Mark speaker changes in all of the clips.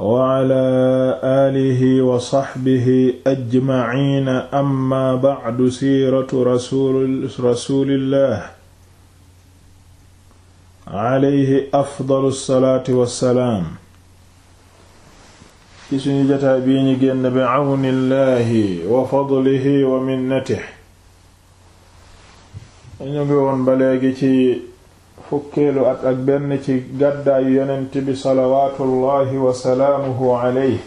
Speaker 1: wala alihi wa saxbihi ajmaciina amma bacdu siiratu rasul rasulillah alayhi afdalu salaati wassalaam ci suñu jataa bii ñi génn bi cawnillahi wa fadlihi wa minnatihi ñu ngi woon ba léegi ci fukkeelu at ak benn ci gàddaayu yonent bi salawaatullahi wa salaamuhu alayhi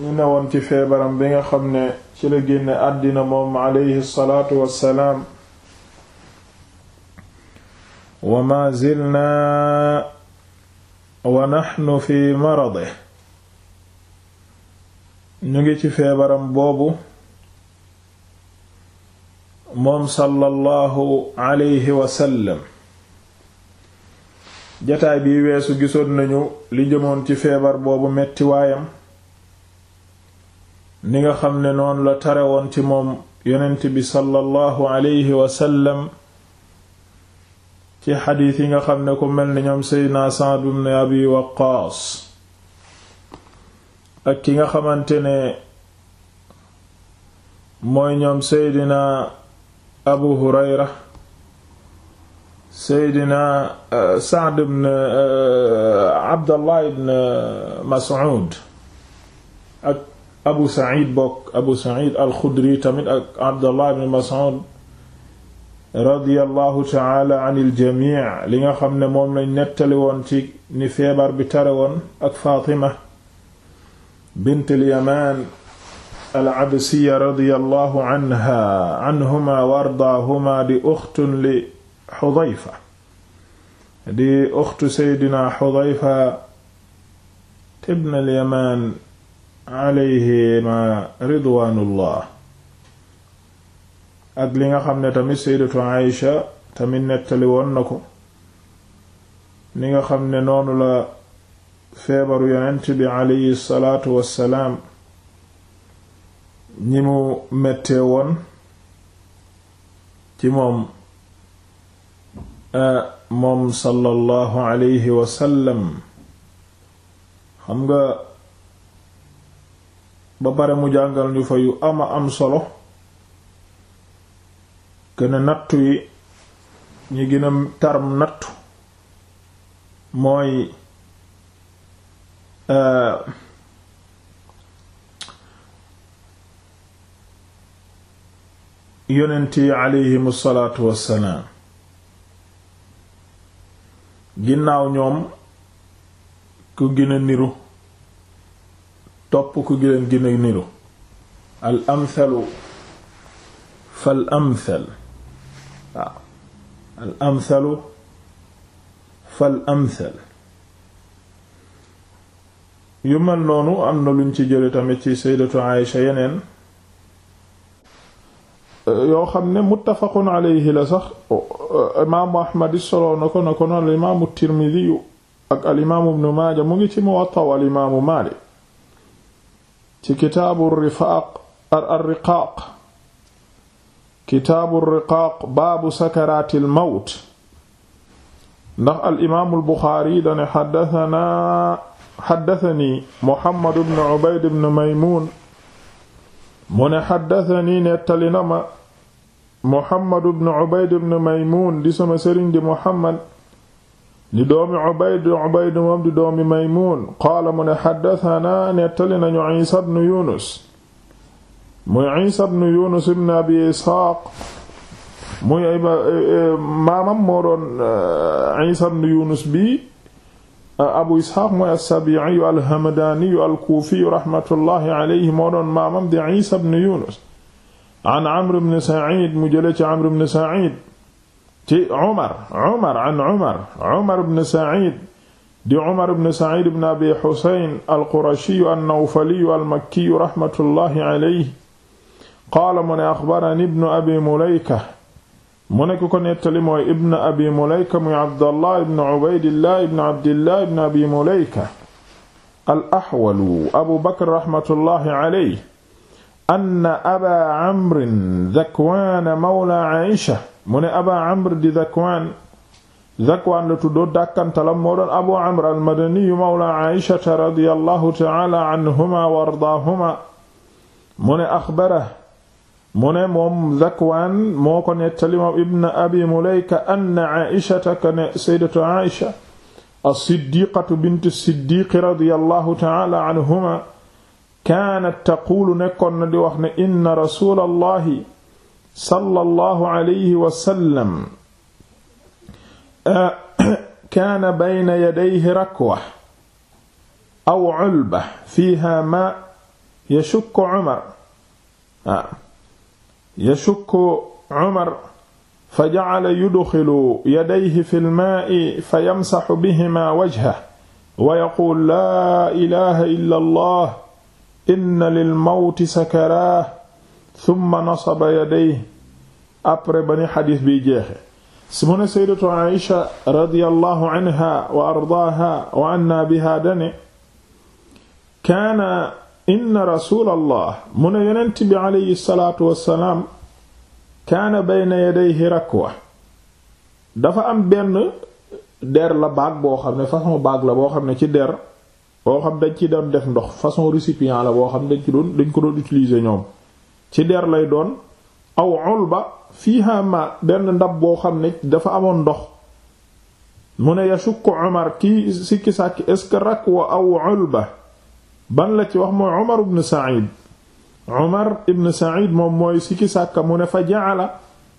Speaker 1: ñu newoon ci feebaram bi nga xam ne ci la génne àddina moom alayhi salaatu wassalaam wa maa zilnaa wa naxnu fi marade ñu ngi ci feebaram boobu moom sallallahu alayhi wasallam jataay bi weesu gisoon nañu li jëmoon ci feebar boobu metti waayam ni nga xam ne noonu la tarewoon ci moom yonent bi sallallahu alayhi wasallam ci xadiis yi nga xam ne ko mel ni ñoom seydina Sa'd ibn ak ki nga xamante ne mooy ñoom abu hurayra seydina euh, saad ibn euh, abdallah ibn euh, mas'ud ak abu sa'id bokk abu sa'id al-xudri tamit ak abdallah ibn mas'ud radiyallahu ta'ala anil jamii li nga xam ne moom lañ nettali woon ci ni feebar bi tare woon ak faatima bint al-yamaan al-Absiya radiyallahu anha anhuma wa di uxtun li Xudayfa di uxtu Seydina Xudayfa ibn al-Yamaan alayhima ak li nga xam ne tamit Sayyidatu Aysha tamit nettali woon na ko ni nga xam ne noonu la feebaru Yonent bi alayhi salaatu wassalaam ñi mu mettee woon ci moom eh, moom sallallahu alayhi wasallam xam nga ba pare mu jàngal ñu fa yu ama am solo këne nattu yi ñi gën a taram nattu mooy eh, yonent yi aleyhim salaatu wassalaam ginnaaw ñoom ku gën a niru topp ku gën a niru al amthalu fal amthal waaw al amthalu fal amthal yu mel noonu am na luñ ci jële tamit ci sayyidatu Aïsha yeneen yoo xam ne muttafaqun alayhi la sax imaamu ahmad soloo na ko na ko noonu al maaja mu ngi ci muwatta al imaamu maalik ci kitaabu al imaamu al buxaari dane xaddatanaa xaddatani muhammad ibnu ubayd ibnu maymuun mu ne xaddatani nettali na Muhammad ibn Ubayd ibn Maymuun di sama sëriñ di Muhammad di doomi Ubayd Ubayd moom di doomi Maymuun qaala mu ne xaddatanaa nettali nañu Iisa ibn Yunus muy Iisa ibn Yunus ibn Abi Isxaaq muy eh, eh, maamam moo doon eh, Iisa ibn Yunus bi Abu Isxaaq mooy as-Sabii'i al-Hamdaani al-Kuufi raxmatullaahi alayhi moo doon maamam di Iisa ibn Yunus an Amr ibn Sa'id mu jële ci Amr ibn Sa'id ci Umar Umar an Umar Umar ibn Sa'id di Umar ibn Sa'id ibn Abi Husayn al-Qurashi an-Nawfali al-Makki rahmatullahi alayhi qaala mu ne axbarani ibn Abi Mulayka mu ne ku ko nettali mooy ibn Abi Mulayka muy Abdallah ibn Ubaydillah ibn Abdillah ibn Abi Mulayka al-Ahwalu Abu Bakr rahmatullahi alayhi anna aba amrin Zakwan mawla Aïcha mu ne aba amr di Zakwan Zakwan la tuddoo dàkkantalam moo doon abu amr almadaniyu mawla Aïcha radiyallahu ta'ala anhuma wa ardaahuma mu ne axbara mu ne moom Zakwan moo ko nettali moom ibn abi Mulayka anna Aïcha kana sayyidatu Aïcha as-siddiqatu bint as-siddiq radiyallahu ta'ala anhuma kaanat taquulu nekkoon na di wax ne inna rasuulallahi sallallahu alayhi wa sallam ah, kaana bayna yadayhi rakwa aw culba fiiha maa yashukku Umar ah, yashukku Umar fa jacala yudxilu yadayhi fi lmaa'i fa yamsaxu bihimaa wajhahu wa yaquulu laa ilaaha illa allah inna lil mawti sakaraa thumma nasaba yadayhi après ba ni xadiis biy jeexe si mu ne saydatu aisha radiyallahu anha wa ardaaha wa anna biha dane kaana inna rasuulallah mu ne yonent bi alayhi salaatu wassalaam kaana bayna yadayhi rakwa dafa am benn der la baag boo xam ne façon baag la boo xam ne ci der boo xam dañ ci doon def ndox façon récipient la boo xam dañ ci doon dañ ko doon utiliser ñoom ci der lay doon aw ulba fiha ma benn ndab boo xam ne dafa amoon ndox mu ne yashuk Umar kii sikki sàkki est-ce que rakwa aw ulba ban la ci wax mooy Umar ibn Sa'id Umar ibn Sa'id moom mooy sikki sàkka mu ne fa ja'ala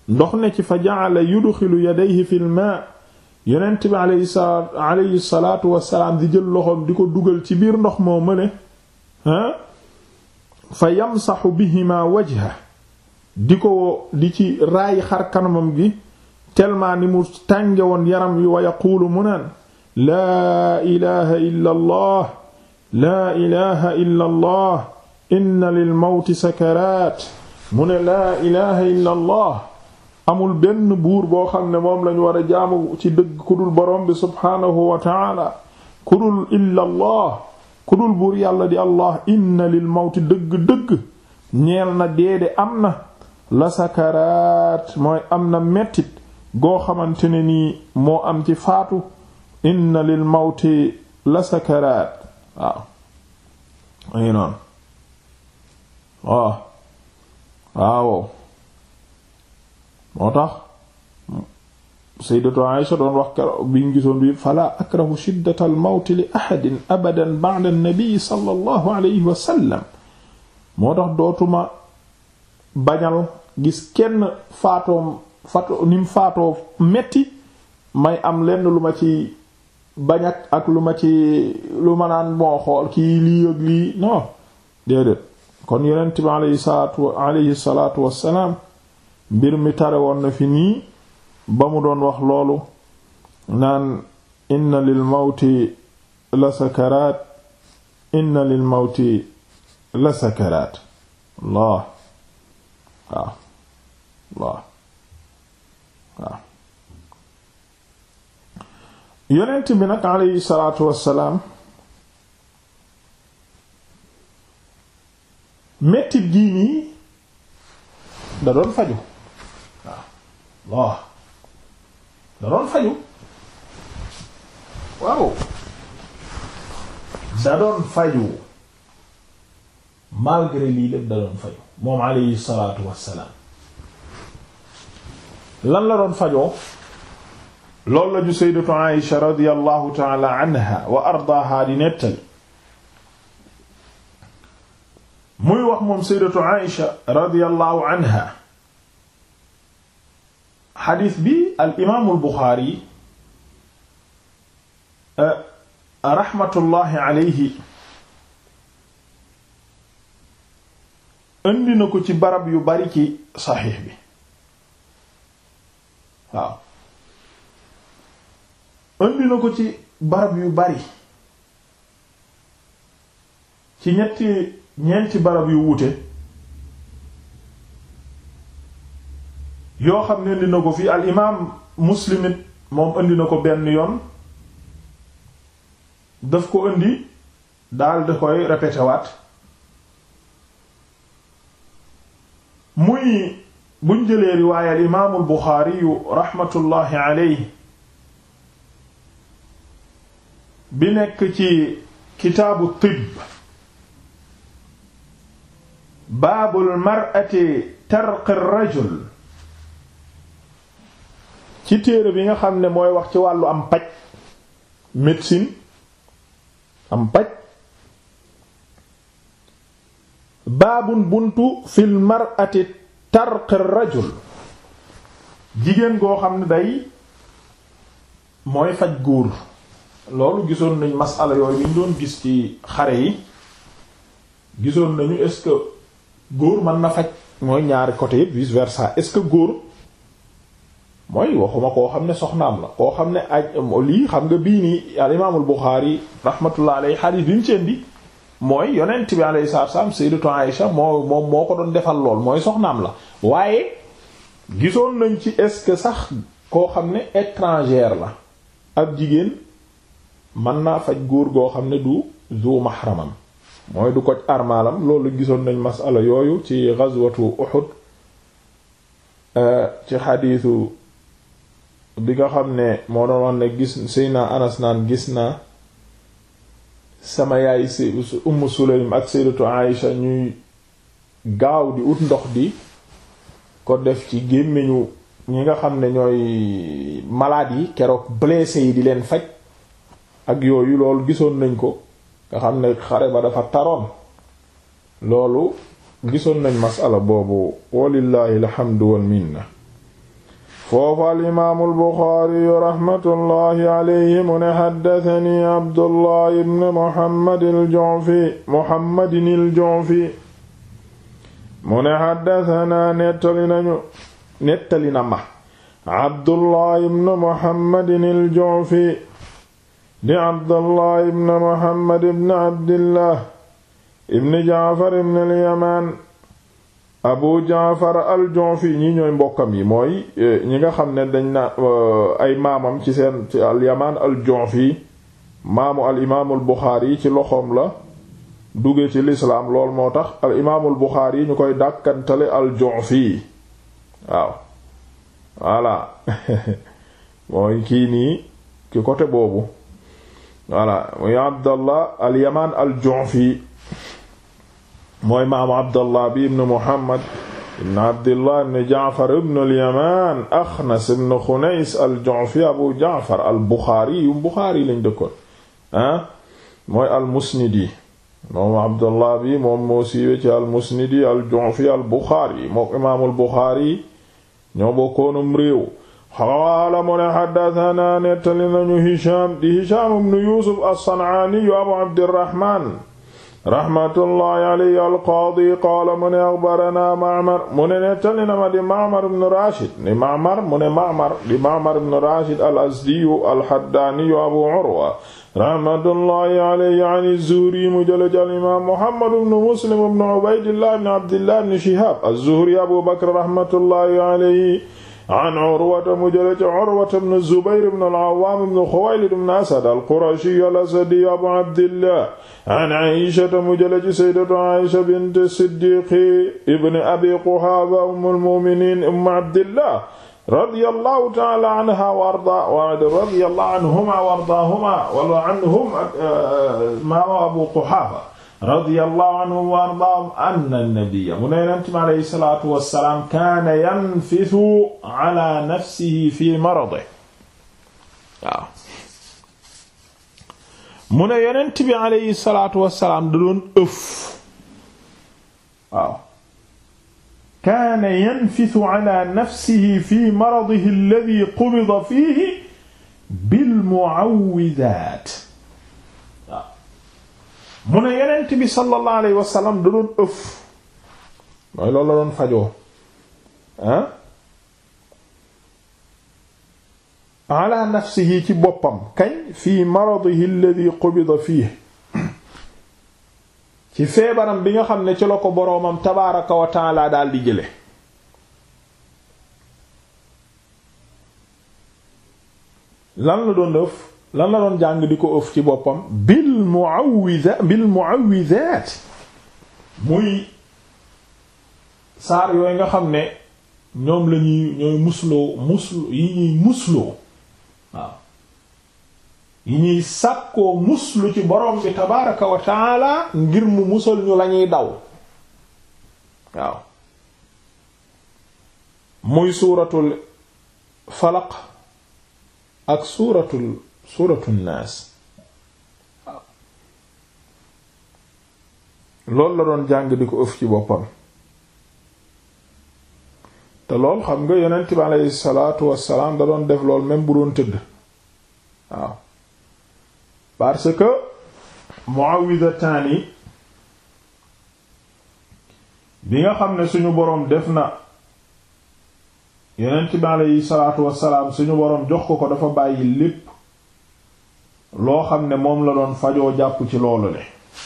Speaker 1: ndox ne ci fa ja'ala yudxilu yadayhi fil yonent bi alayhi salaatu wassalaam di jël loxoom di ko dugal ci biir ndox moo mëne fa yamsaxu bihima wajha di ko di ci raay xar kanamam gi tellement ni mu tànge woon yaram wi wa yaquulu mu naan laa ilaha illa allah laa ilaha inna lil mawti sakaraat mu ne laa ilaha illa amul benn buur boo xam ne moom lañu war a jaamu ci dëgg ku dul borom bi subhaanahu wa taala ku dul illa allah buur yàlla di allah inna lil mawti dëgg-dëgg ñeel na deede am na la sakaraat mooy am na mettit goo xamante ne nii moo am ci faatu inna lil mawti la sakaraat waaw ay moo tax sayyidatu Aisha doon wax keroog bi ñu gisoon bi fala akrahu shiddata al mawti li ahadin abadan ba'da an-nabi sallallahu alayhi wa moo tax dootuma bañal gis kenn faatoom nim faatoo metti may am lenn lu ma ci bañak ak lu ma ci lu ma naan moo xool kii lii ak lii non déedéet kon yonent bi alayhi salaatu alayhi mbir mi tare woon na fi nii ba mu doon wax loolu naan inna lil mawti la sakaraat inna lil mawti la sakaraat Allah ah. Ah. yonent bi nag aleyhi salaatu wassalaam mettit gii da doon faju waaw da doon faju waaw da doon faju malgré lii lépp da doon faju moom alayhi salaatu wassalaam lan la doon fajoo loolu la ju sayyidatu Aisha radiyallahu ta'ala anha wa ardaaha di nettali muy wax moom sayyidatu Aisha radiyallahu anha xadiis bi al imaamul Buxaari eh, raxmatullahi alayhi indi na ko ci barab yu bari ci saxiix bi waaw indi ko ci barab yu bari ci ñetti ñeenti barab yu wuute yoo xam ne indi na ko fii al imaam muslim moom indi na ko benn yoon def ko indi daal da koy répété waat muy buñ jëlee riwaaya al buxaari raxmatullaahi alayhi bi nekk ci kitaabu tibb baabul mar'ati tarqi ar ci téere bi nga xam ne mooy wax ci wàllu am paj médecine am paj baabun buntu fil mar'ati tarq rajul jigéen goo xam ne day mooy faj góor loolu gisoon nañ masala yooyu ñu doon gis ci xare yi gisoon nañu est góor mën na faj mooy ñaari côté yépp vice versa est góor mooy waxuma koo xam ne soxnaam la koo xam ne aj lii xam nga bii nii al imaamul Buxaari rahmatullah alayhi xadiis bi mu ci indi mooy yonent bi si salaatu wasallam sayyidatu Aïsha moo moom moo ko doon defal lool mooy soxnaam la waaye gisoon nañ ci est sax koo xam ne étrangère la ab jigéen mën naa faj góor goo xam ne du zu mahramam mooy du ko armaalam loolu gisoon nañ masala yooyu ci ghazwatu Uhud euh, ci xadiisu bi nga xam ne moo doon wax ne gis Seyna Anas naan gis naa sama yaay si Umm Sulaym ak Sayyidatu Aïsha ñuy gaaw di ut ndox di ko def ci gémmiñu ñi nga xam ne ñooy malaat yi keroog blessé yi di leen faj ak yooyu loolu gisoon nañ ko nga xam ne xare ba dafa taroon loolu gisoon nañ masala boobu walillahi alhamdu wal minna foofu alimaamu albuxaariyu raxmatullahi alayhi mu ne xaddatani abdullahi ibn muhammadin aljufi muhammadin aljufi mu ne xaddatanaa nettali nañu nettali na ma abdullahi ibn muhammadin aljufi di abdullahi ibn muhammad ibn abdillah ibn jaafar ibn alyamaan abu jaafar al-Ju'fi ñi ñooy mbokkam yi mooy e, ñi nga xam ne dañ na e, ay maamam ci seen ci al-Yamaan al-Ju'fi maamu al-imaamul Buxaari ci loxoom la duggee ci lislaam lool moo tax al-imaamul Buxaari ñu koy dàkkantale al-Ju'fi waaw voilà mooy kii nii ki côté boobu voilà muy Abdallah al-Yamaan al-Ju'fi mooy maamu abdallah bi ibn muhammad ibn abdillah ibn jaafar ibn al-yamaan axnas ibn xunays abu jaafar al-buxaari yu lañ dëkkoon ah mooy al-musnidi moom bi moom moo siiwe ci al-musnidi al-ju'fi al-buxaari mook imaamul buxaari ñoo bokkoonum réew nañu hisham di hisham ibn yuusuf as abu abdirahman rahmatullahi alayhi al-qaadi qaala mu ne axbaranaa Ma'mar mu ne nettali na ma di Ma'mar ibn Rashid ni Ma'mar mu ne Ma'mar di Ma'mar ibn Rashid al-Azdiyu al-Haddaaniyu Abu Urwa rahmatullahi alayhi an az-Zuhri mu jële jal imaam Muhammad ibn Muslim ibn Ubaydillah ibn Abdillah ibn Shihaab az-Zuhri Abu Bakr rahmatullahi alayhi an Urwata mu jële ci Urwata ibn Zubayr ibn al-Awwam ibn Khuwaylid ibn Asad al-Qurashi al-Asadi Abu Abdillah an Aishata mu jële ci sayyidatu Aisha bint Siddiq ibn Abi Quhafa umm al-mu'minin umm Abdillah radiyallahu ta'ala anha wa arda radiyallahu anhuma wa ardahuma wa anhum uh, ma Abu Quhafa radiyallahu anhu wa ardaahum anna nabiyya mu ne yonent mi alayhi salaatu wassalaam kaana yanfithu ala nafsihi fi maradihi waaw mu ne yonent bi alayhi salaatu wassalaam da doon ëf waaw kaana yanfithu ala nafsihi fi maradihi alladhi qubida fihi bil mu'awwidaat mu ne yonent bi sallallahu alayhi da doon ëf mooy lool la doon fajoo ah ala nafsihi ci boppam kañ fii maradihi alladhi fii ci feebaram bi nga xam ne ci la ko boroomam tabaaraka wa taala daal di jële lan la doon def lan la doon jàng di ko ëf ci boppam bil muawwiza bil muawwizaat muy saar yooyu nga xam ne ñoom lañuy ñooy musloo muslo yi ñuy musloo waaw yi ci borom bi ngir mu musal ñu lañuy daw waaw muy suuratul falaq ak suuratul suuratu naas loolu la doon jàng di ko ëf ci boppam te lool xam nga yonent bi aleyhi salaatu wassalaam da doon def lool même bu doon tëdd waaw parce que muawwidataani bi nga xam ne suñu boroom def na yonent bi aleyhi salaatu wassalaam suñu boroom jox ko ko dafa bàyyi lépp loo xam ne moom la doon fajoo jàpp ci loolu le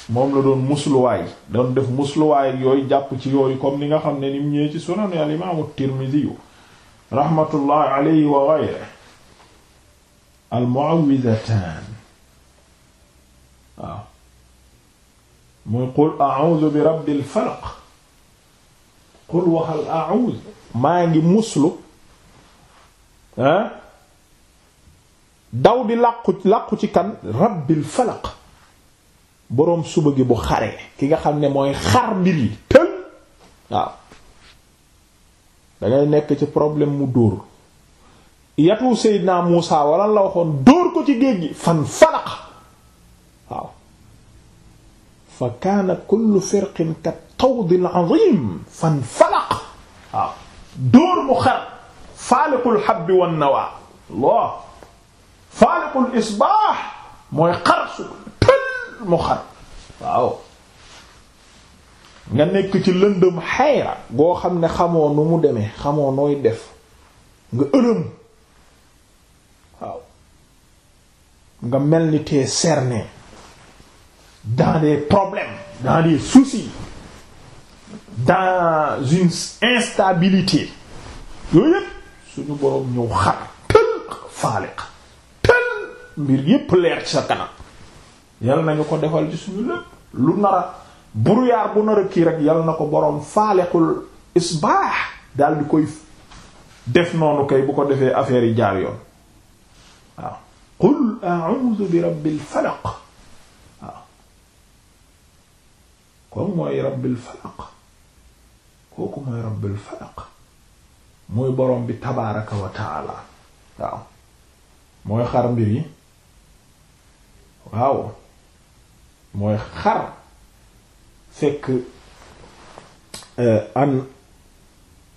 Speaker 1: moom la doon musluwaay doon def musluwaay yooyu jàpp ci yooyu comme ni nga xam ne ni mu ñëwee ci sunanu al imaamu Tirmidhi rahmatullahi alayhi wa ghayrihi al mu'awwidhatan waaw muy qul a'udhu bi rabbi falaq qul waxal a'udhu maa ngi muslu ah daw di làqu làqu ci kan rabbil falaq boroom suba gi bu xare ki nga xam ne mooy xar mbir yi tël waaw dangay nekk ci problème mu dóor yatu Seydina Muusa walla la waxoon dóor ko ci géej gi fan falaq waaw fa kaana kullu firqin ka tawdil azim fan falaq waaw dóor nawaa faaliqul isbaax mooy xar su tël mu xar waaw nga nekk ci lëndëm xayra boo xam ne xamoo nu mu demee xamoo nooy def nga ërëm waaw nga mel ni t'es cerné dans des problèmes dans des soucis dans une instabilité yooyu yépp suñu boroom ñëw xar tël faaliq mbir yépp leer ci sa kanam yal nañu ko defal ci suñu lépp lu nara brouillard bu nara kii rek yal na ko boroom faaleexul isbaax dal di koy def noonu kay bu ko defee affaire yi jaar yoon waaw qul a'udhu bi rabbil falaq waaw kooku mooy rabbil falaq mooy boroom bi tabaaraka wa waaw mooy xar mbir yi waaw mooy xar fekk euh, an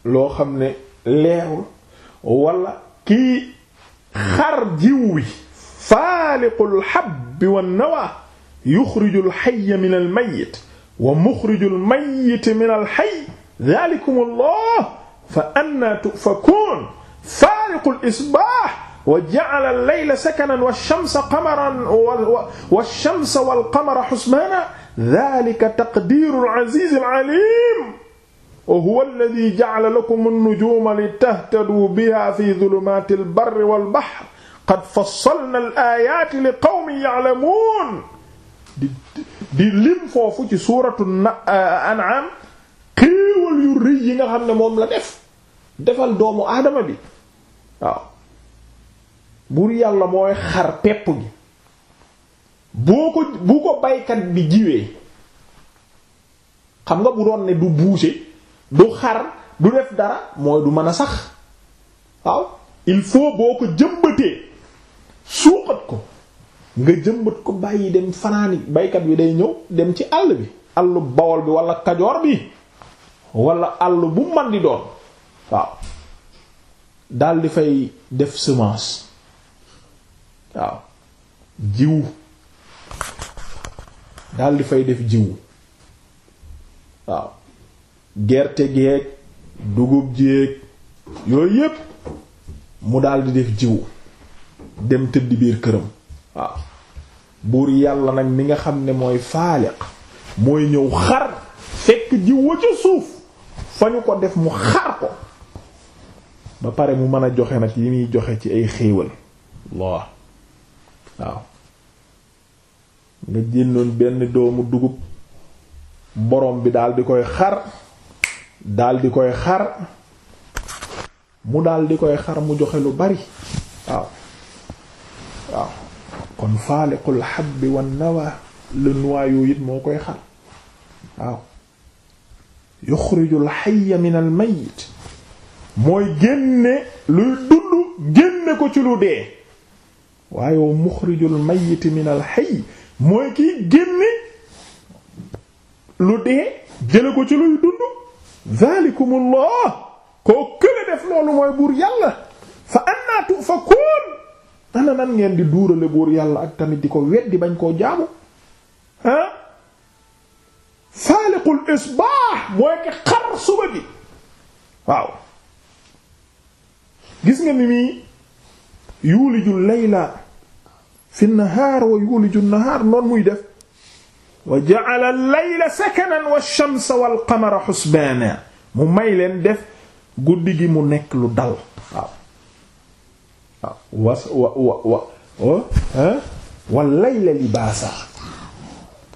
Speaker 1: loo xam ne leerul wala kii xar jiw wi faaliqul xabbi wannawa yuxriju alxaya min almayit wa muxriju almayit min alxay dalikum allah fa anna tufakuun faaliqul isbaax wa ja'ala al-layla sakanan wash-shamsa qamaran wash-shamsa wal-qamara husbana dhalika taqdiru al-'aziz al-'alim wa huwa alladhi ja'ala lakum an-nujuma litahtadu biha fi dhulumati al-barri wal-bahri qad fassalna al-ayati liqawmin ya'lamun di di lim foofu ci suuratu eh, An'am xéewal yu rëy yi nga xam ne moom la def defal doomu aadama bi waaw buur yàlla mooy xar pepp gi boo ko bu ko baykat bi jiwee xam nga bu doon ne du buuse du xar du def dara mooy du mën a sax waaw il faut boo ko jëmbatee suuxat ko nga jëmbat ko bàyyi dem fanaani baykat bi day ñëw dem ci àll bi àllu bawol bi wala kajoor bi wala àll bu man di doon waaw dal di fay def semence waaw jiwu daal di fay def jiw waaw gerte geeg dugub jeeg yooyu yépp mu daal di def jiw dem tëdd biir këram waaw buur yàlla nag mi nga xam ne mooy faaliq mooy ñëw xar fekk jiw wa ca suuf fa ñu ko def mu xar ko ba pare mu mën a joxe nag yi muy joxe ci ay xéewal waaw nga jëndoon benn doomu dugub borom bi daal di koy xar daal di koy xar mu daal di koy xar mu joxe lu bari waaw waaw kon faaliqul habbi wan nawa le noyau it moo koy xar waaw yuxrijul hayya minal mayyit mooy génne luy dund génne ko ci lu dee waaye wa muxrijul mayyiti minal hayy mooy kiy génne lu dee jële ko ci luy dund zalikumullah koo kële def loolu mooy buur yàlla fa annaa tu'fakuun ana nan ngeen di duurale buur yàlla ak tamit di ko weddi bañ koo jaamu ah faaliqul isbah mooy ki xar suba gi waaw gis nga ni mi yuuliju layla fi nahaar wa yuuliju nahaar noonu muy def wa ja'ala layla sakanan wa shamsa wal qamara xusbaana mu may leen def guddi gi mu nekk lu dal waaw waaw wa wa wa wa wa layla libaasa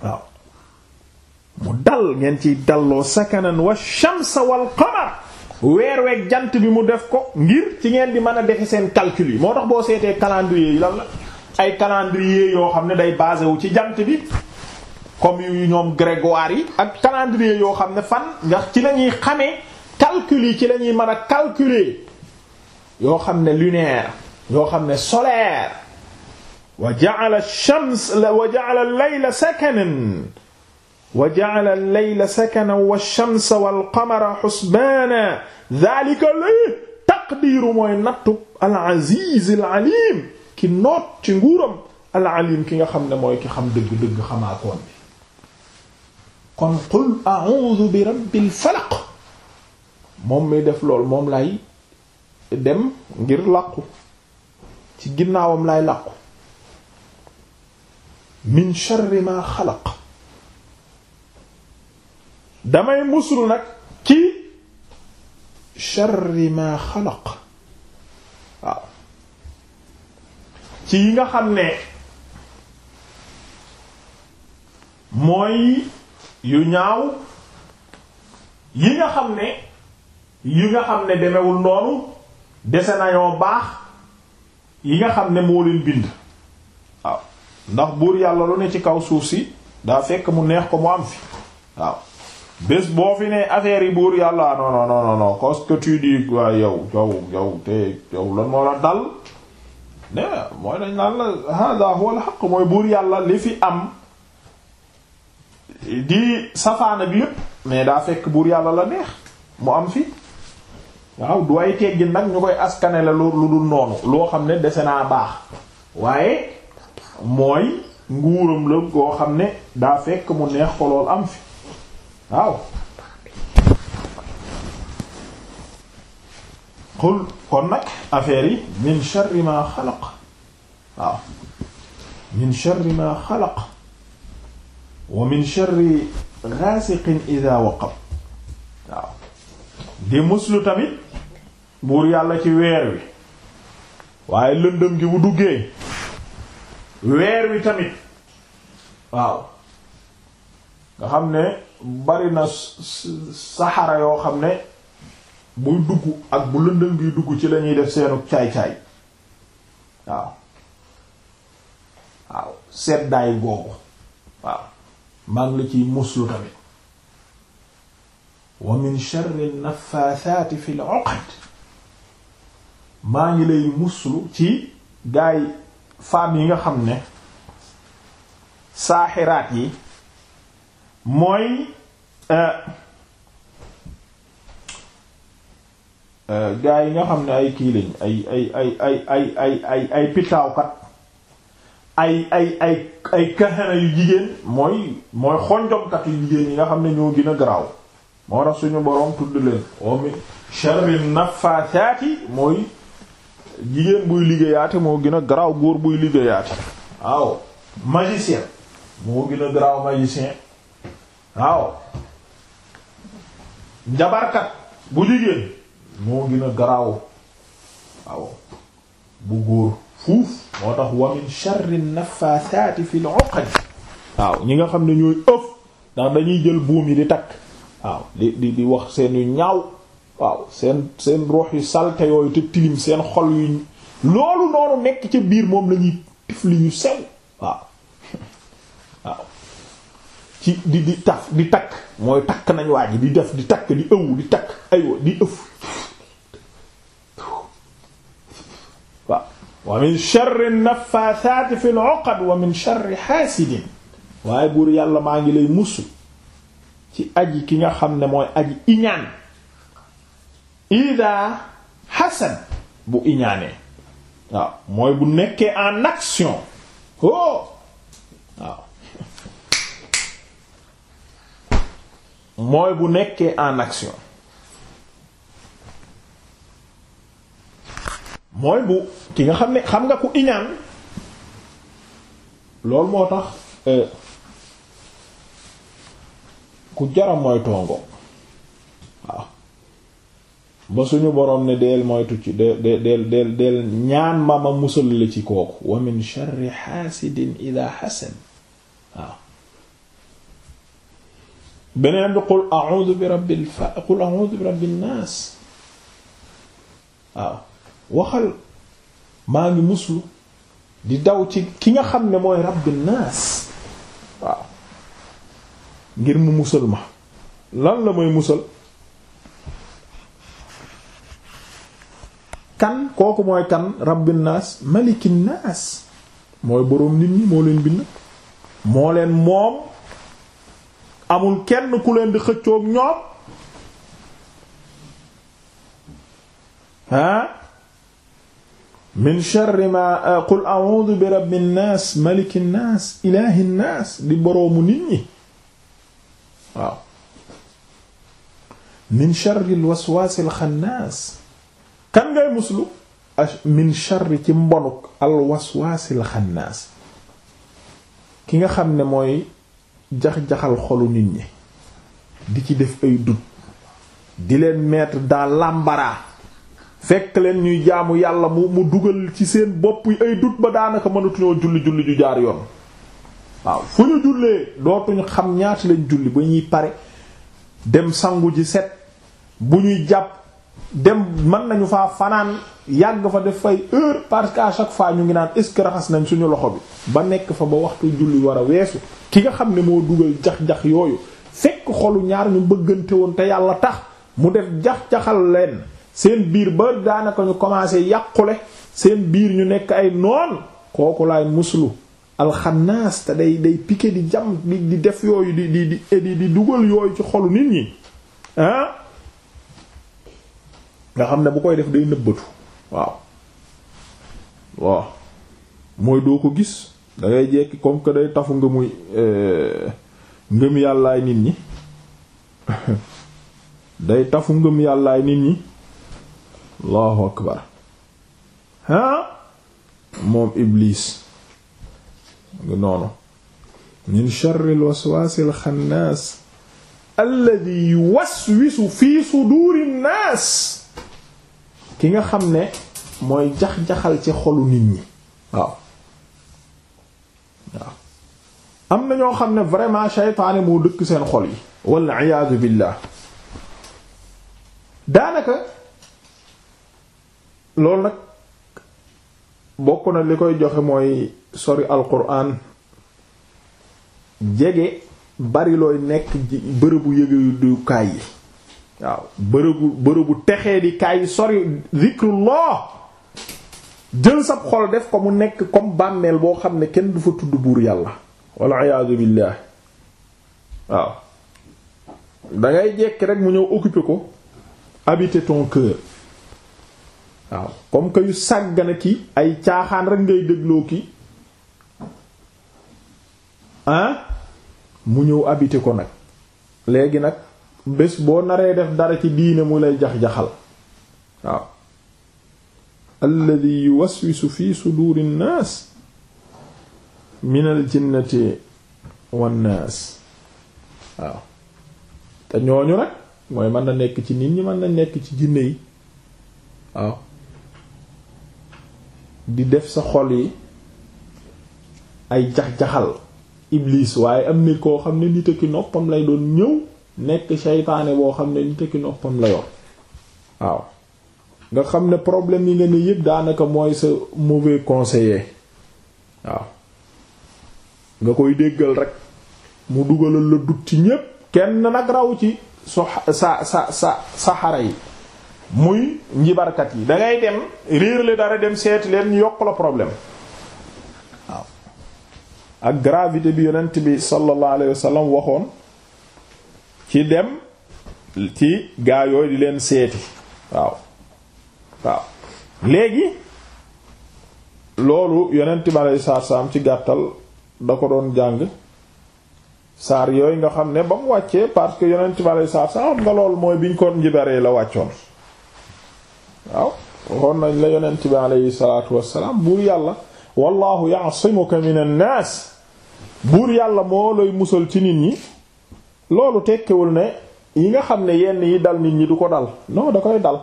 Speaker 1: waaw mu dal ngeen ciy dalloo sakanan wa shamsa wal qamara weer week jant bi mu def ko ngir ci ngeen di mën a defe seen calcul yi moo tax boo seetee calendrier yi lan la ay calendrier yoo xam ne day basé wu ci jant bi comme yu ñoom grégoire yi ak calendrier yoo xam ne fan ndax ci lañuy ñuy xamee calcul yi ci lañuy ñuy mën a calculer yoo xam ne lunaire yoo xam ne soler wa ja'ala ash-shams wa ja'ala al-layla sakanan wa ja'ala al-layla sakanan wash-shamsa wal-qamara husbaanan dhaalika li taqdiiru mooy nattu al-aziiz al-aliim ki noot ci nguuram al-aliim ki nga xam ne mooy ki xam dëgg-dëgg xamaakoon bi kon qul a'uudu bi rabbil falaq moom mi def lool moom lay dem ngir làqu ci ginnaawam lay làqu min sharri maa xalaq damay muslu nag ci sharri ma xalaq waaw ci yi nga xam ne mooy yu ñaaw yi nga xam ne yi nga xam ne demewul noonu dese nañoo baax yi nga xam ne moo leen bind waaw ndax buur yàlla lu ne ci kaw suuf si daa fekk mu neex ko mu am fi waaw bés boo fi ne affaire yi buur yàlla non non non non que tu dis waaye yow yow yow te yow lan moo la dal ne mooy dañ la hada huwa al-haqq mooy buur yàlla li fi am di safaana bi yépp mais daa fekk buur yàlla la neex mu am fi waaw du ay teggin nag ñu koy askane la lu dul noonu loo xam ne dese naa baax waaye mooy nguuram la goo xam ne daa fekk mu neex ko lool am fi waaw xul kon nag affaire yi min sharri ma xalaq waaw min sharri ma xalaq wa min sharri ghasiqin idha waqab waaw di muslu tamit buur yàlla ci weer wi waaye lëndëm gi bu duggee weer wi tamit waaw nga xam ne bari na saxara yoo xam ne buy dugg ak bu lëndëm gi dugg ci lañuy def seenu caay-caay waaw seddaay googu waaw maa ngi la ci muslu tamit wa min sharri nafaathaati fil maa ngi lay muslu ci gaay femmes yi nga xam ne saaxiraat yi mooy euh, euh, gaa yi nga xam ne ay kii lañ ay ay ay ay ay ay ay ay ay ay ay ay yu jigéen mooy mooy xonjomkat yu jigéen yi nga xam ne ñoo gën a garaaw moo tax suñu boroom tudd leen omi sharri nafasaati mooy jigéen buy liggéeyaati moo gën a garaaw góor buy liggéeyaate waaw magicien moo gën a magicien waaw njabarkat bu jigéen moo gën a garaaw waaw bu góor fuuf moo tax wa min sharri naffasaati fil uqad waaw ñi nga xam ne ñooy ëf ndax dañuy jël buum yi di takk waaw di di di wax seen yu ñaaw waaw seen seen ruux yu salte yooyu te tilim seen xol yu loolu noonu nekk ca biir moom lañuy tifli yu sew waaw waaw ci di di taf di takk mooy takk nañ waaj ji di def di takk di ëw di takk aywa di ëf waaw wa min sharri naffaathaati fil uqad wa min sharri haasidin waaye buur yàlla maa ngi lay musu ci aji ki nga xam ne mooy aji iñaan ida hasan bu iñaanee waaw mooy bu nekkee en action oh mooy bu nekkee en action mooy bu ki nga xam ne xam nga ku iñaan lool moo tax euh, ku jaram mooy tongo waaw ba suñu boroom ne deel moytu ci del del del del ñaan ma ma musal la ci kooku wa min sharri hasidin ida hasad waaw beneen bi qul a'udhu bi rabbil fa bi rabbin nas waaw waxal maa ngi muslu di daw ci ki nga xam ne mooy rabbin nas waaw ngir mu musal ma lan la mooy musal kan kooku mooy kan rabbin nas malikin nas mooy boroom nit ñi moo leen bind moo leen moom amul kenn ku leen di xëccoog ñoom ah min sharri ma eh, qul a'udhu bi rabbin nas malikin nas ilahin nas di boroomu nit ñi min sharri al waswas al khannas kan ngay muslu min sharri ci mbonuk al waswas al khannas ki nga xam ne mooy jax-jaxal xolu nit ñi di ci def ay dut di leen mettre daa l'embarras fekk leen ñuy jaamu yàlla mu mu dugal ci seen bopp ay dut ba daanaka mënatuñoo julli julli ju jaar yoon waaw fu ñu jullee dootuñu xam ñaata lañ julli ba ñuy pare dem sangu ji set bu ñuy jàpp dem mën nañu fa fanaan yàgg fa def fay heure parce que à chaque fois ñu ngi naan est raxas nañ suñu loxo bi ba nekk fa ba waxtu julli war a weesu ki nga xam ne moo dugal jax-jax yooyu fekk xolu ñaar ñu bëggante woon te yàlla tax mu def jax-jaxal leen seen biir ba daanaka ñu commencé yàqule seen biir ñu nekk ay noon kooku laay muslu alxanaas te day day piqué di jam di di def yooyu di di di di dugal yooyu ci xolu nit ñi nga xam ne bu koy def day nëbbatu waaw waaw mooy doo ko gis da ngay jekki comme que day tafu nga muy eh, ngëm yàllaay nit ñi day tafu ngëm yàllaay nit ñi allahu akbar ah moom iblis ngi noonu min sharri alwaswaasi alxannaas alladi yuwaswisu fi suduuri nnaas ki nga xam ne mooy jax-jaxal ci xolu nit ñi waaw waaw am na ñoo xam ne vraiment shaytaane moo dëkk seen xol yi walla iyaadu billaah daanaka loolu nag bokk na li koy joxe mooy sori alquran jege bari looy nekk bërëbu yëgeyukaay yi waaw bërëbu bërëbu texee di kaay sori zikrullah jël sab xol def ko mu nekk comme bàmmeel boo xam ne kenn du fa tudd buur yàlla walla iyaadu billaah waaw dangay jekki rek mu ñëw occuper ko habiter ton cœur waaw comme que yu sàggana ki ay caaxaan rek ngay dégloo ki ah mu ñëw habiter ko nag léegi nag bés boo naree def dara ci diine mu lay jax-jaxal waaw alladi yuwaswisu fi suduuri nnaas min al jinnati wannaas waaw te ñooñu nag mooy mën na nekk ci nit ñi mën na nekk ci jinne yi waaw di def sa xol yi ay jax-jaxal iblis waaye am nit koo xam ne nit ak noppam lay doon ñëw nekk seytaane boo xam ne ni tekki noppam la yor waaw nga xam ne problème yi nga ne yëpp daanaka mooy sa mauvais conseiller waaw nga koy déggal rek mu dugalal la dut ci ñépp kenn nag raw ci so sa sa sa saxara yi muy njibarkat yi dangay dem réer le dara dem seeti leen ñu yokk la problème waaw ak gravité bi yonent bi sallallahu alayhi wa waxoon ci dem ci gaa yooy di leen seeti waaw waaw léegi loolu yonent ma lay saar saam ci gàttal da ko doon jàng saar yooyu nga xam ne ba mu wàccee parce que yonent ma lay saar saam xam nga loolu mooy biñ ko njibaree la wàccoon waaw waxoon nañ la yonent bi aleyhi salaatu wassalaam buur yàlla wallahu ya'simuka minan naas buur yàlla moo lay musal ci nit ñi loolu tekkewul ne yi nga xam ne yenn yi dal nit ñi du ko dal non da koy dal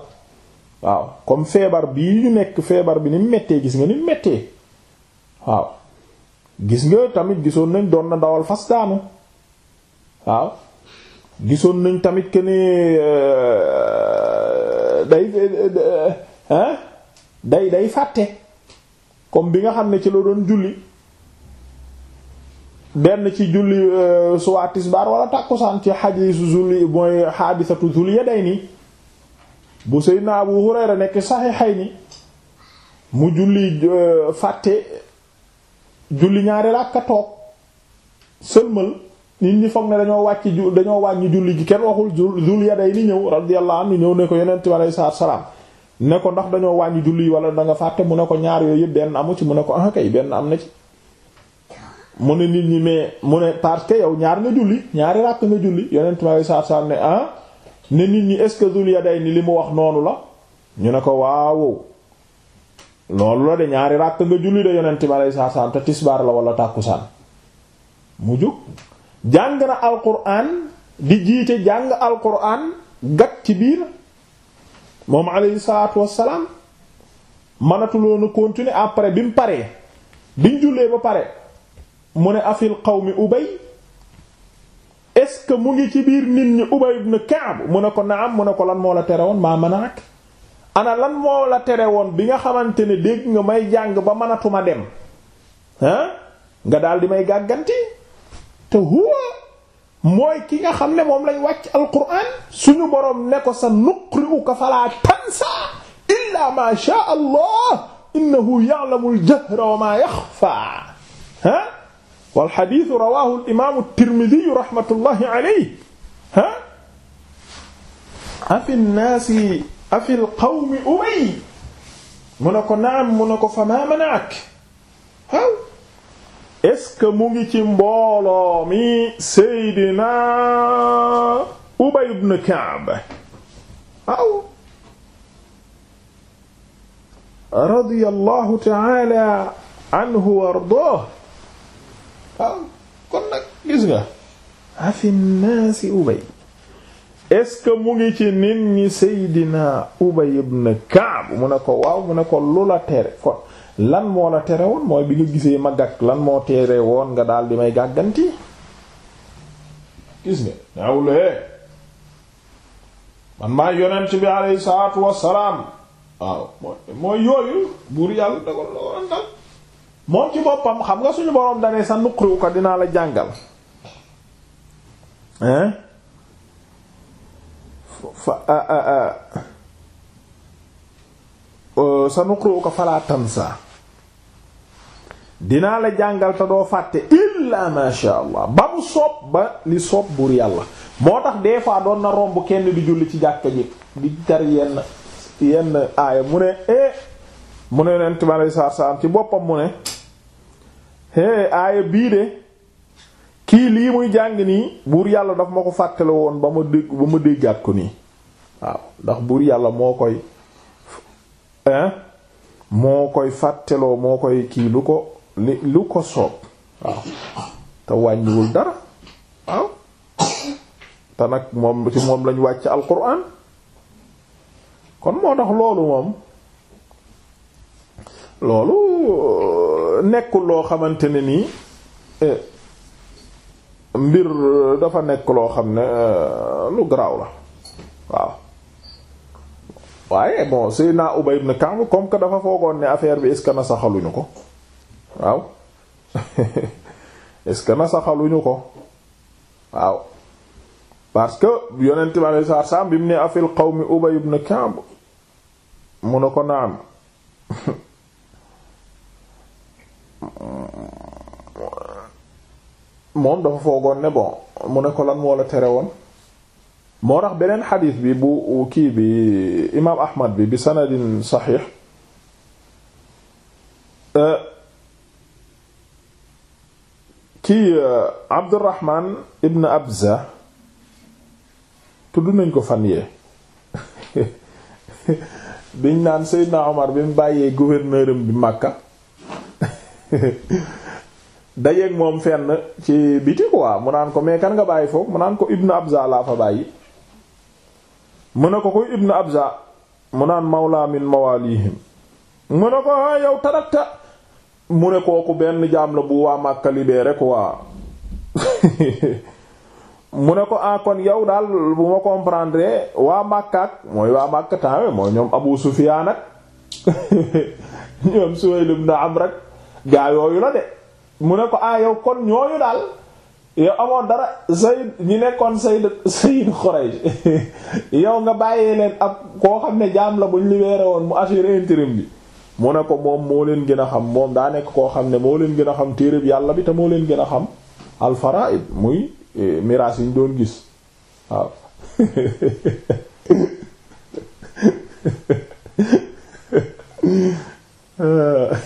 Speaker 1: waaw comme feebar bii ñu nekk feebar bi ni mettee gis nga ni mettee waaw gis nga tamit gisoon nañ doon na dawal fas daanu waaw gisoon nañ tamit que ni euh, day euh, day day fàtte comme bi nga xam ne ci la doon julli benn ci julli euh, suwaa tisbaar wala tàkkusaan ci xadiisu zulli mooy xaadisatu zul yadayni bu Seydina Abu Hurayra xay saxiixayni mu julli euh, fàtte julli ñaari ràkka toog sëlmal nit ñi foog ne dañoo wàcc dañoo wàññi julli gi kenn waxul zul yadayni ñëw radiyallahu anhu ñëw ne ko yonent bi alayhi salaatu salaam ne ko ndax dañoo wàññi julli wala da nga fàtte mu ne ko ñaar yooyu yëpp benn amu ci mu ne ko ah kay benn am na ci mu ne nit ñi mais mu ne parce que yow ñaar nga julli ñaari ràkk nga julli yonent ma lay ne ah ne nit ñi est-ce que Zul Yadayni li mu wax noonu la ñu ne ko waawow loolu la de ñaari ràkk nga julli de yonent ma lay te tisbaar la wala tàkkusaan mu jóg jàng na alquran di jiite jàng alquran gat ci biir moom alayhi salaatu wassalaam mënatuloon a continuer après bi mu paree biñ jullee ba pare mu ne afil qawmi ubay est-ce que mu ngi ci biir nit ñi ubay ibn Ka'b mu ne ko naam mu ne ko lan moo la tere woon maa manaak woon bi nga xamante ne dégg nga may jàng ba mënatuma dem nga daal di may gàgganti te huwa mooy ki nga xam ne moom lañ wàcc alquran suñu boroom ne ko sa nuqri'uka fala tansa illa ma sha allah innahu ya'lamu al wa ma yaxfa wal xadiis rawaahu imaamu Tirmidi rahmatullahi alayhi ha afi nnaasi afi lqawmi ubay mu ne ko naam mu ne ko fa maa manaak waaw est-ce que mu ngi ci mbooloo mi Seydina Ubay ibn Ka'b waaw radiyallahu ta'ala anhu wa ardaahu waaw kon nag gis nga afi naasi ubay est-ce que mu ngi ci nit ñi Seydina Ubay ibn Kaab mu ne ko waaw mu ne ko lu la tere kon lan moo la tere woon mooy bi nga gisee ma gàkk lan moo tere woon nga daal di may gàgganti gis nga daawulee eh? man maa yonent bi alayhi salaatu wassalaam waaw mooy mooy yooyu buur yàlla dagal la woon moom ci boppam xam nga suñu boroom danee sa nuqriwu ko dinaa la jàngal hein euh, sa nuqriwu ko falaa tansa dinaa la jàngal te doo fàtte illa ma allah ba mu soob ba li soob buur yàlla moo tax des fois doon na romb kenn di julli ci jàkka ji di tar yenn yenn aaya mu ne eh, mu ne yonent bi aleyhi salaatu wa salaam ci boppam mu ne hé aaya bii de kii lii muy jàng nii buur yàlla daf ma ko fàttale woon ba ma dégg ba ma déggaat ko nii waaw ndax buur yàlla moo koy hein moo koy fàtteloo moo koy kii lu ko lu ko soob waaw te wàññiwul dara waaw te nag moom ci moom lañ wàcc alquran kon moo tax loolu moom loolu euh, nekkul loo xamante ne nii euh, mbir euh, dafa nekk loo xam ne lu garaaw la waaw waaye bon Seydina Ubay ibn Ka'b comme que dafa foogoon ne affaire bi est-ce que na saxaluñu ko waaw est-ce que na saxaluñu ko waaw parce que yonent bi alayhi salaam bi mu ne afil qawmi Ubay ibn Ka'b mu ne ko naan moom dafa foogoon ne bon mu ne ko lan moo la tere woon moo tax beneen xadis bi bu kii bi imaam ahmad bi bi sanadin saxiix euh, kii euh, abdurahman ibn abza tudd nañ ko fan yee biñ naan seydna omar bi mu bàyyee gouverneuram bi màkka dajeeg moom fenn ci biti quoi mu naan ko mais kan nga bàyyi foofu mu naan ko ibnu abza laa fa bàyyi mu ne ko koy ibnu abza mu naan mawla min mawalihim mu ne ko a yow tarakta mu ne kooku benn jaam la bu waa Màkka libéré quoi mu ne ko ah kon yow daal bu ma comprendre waa Màkka ak mooy waa Màkka temps mooy ñoom Abu Sufyaan ak ñoom Suhayl ibn Amr ak gaa yooyu la de mu ne ko ah yow kon ñooñu daal yow amoon dara Zayd ñi nekkoon Sayyid Sayyid Quraysh yow nga bàyyee leen ab koo xam ne jaam la buñ libéré woon mu assuré intérim bi mu ne ko moom moo leen gën a xam moom daa nekk koo xam ne moo leen gën a xam téere bi yàlla bi te moo leen gën a xam al muy eh, miraas yi ñu doon gis waaw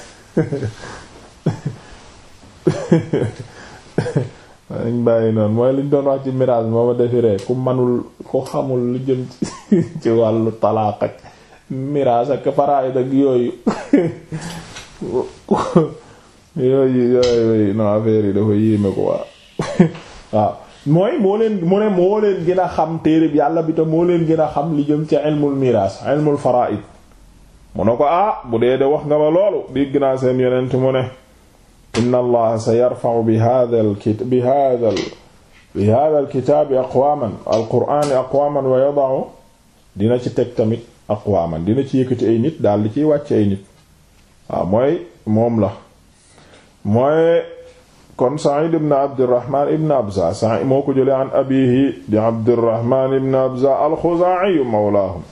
Speaker 1: dañ bàyyi noonu mooy liñ doon wax ci miraas moo ma defiree ku manul ku xamul lu jëm ci wàllu talaaq miraas ak faraay ak yooyu yooyu yooyu non yi dafa yéeme ko waa waaw mooy moo leen mu ne moo leen gën a xam téereb yàlla bi te moo leen gën a xam li jëm ci ilmul miraas ilmul faraid mu ne ko ah bu dee de wax nga ma loolu dégg naa seen yonent mu ne inna allaha sa bi hadal bi hadal bi hadal kitaabi aqwaaman alqur'aani aqwaaman wa yadau dina ci teg tamit aqwaaman dina ci yëkkati ay nit daal di ciy wàcc ay nit waaw mooy moom mooy kon Sa'id ibn Abdirahman ibn Abza Sa'id ko jëlee Abza al-Xuzaa'i mawlaahum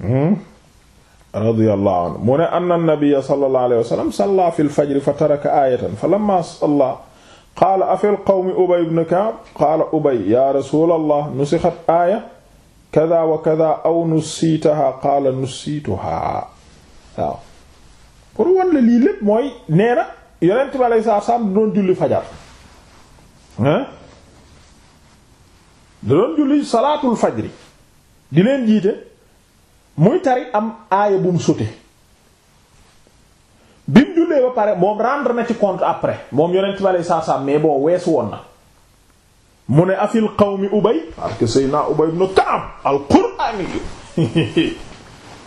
Speaker 1: hmm? radiyallahu anhu mu ne anna nabiyya sallallahu alayhi wa sallam salla fil fajri fa taraka aayatan falamma salla qaala afil qawmi ubay ibn ka'b qaala ubay yaa rasuulallah nusixat aaya kada wa kada aw nusiitaha qaala nusiituhaa waaw pour wan la lii lépp mooy nee na yonent bi alayhi salaatu salaam da doon julli fajar ah da doon julli salaatul fajri di leen jiite muy tari am aaya bu mu sute bi mu jullee ba pare moom rendre na ci compte après moom yonent bi aleyhi salaatu mais boo weesu woon na mu ne afil qawmi ubay parce que Seydina ubay ibn Ka'b al-Qur'ani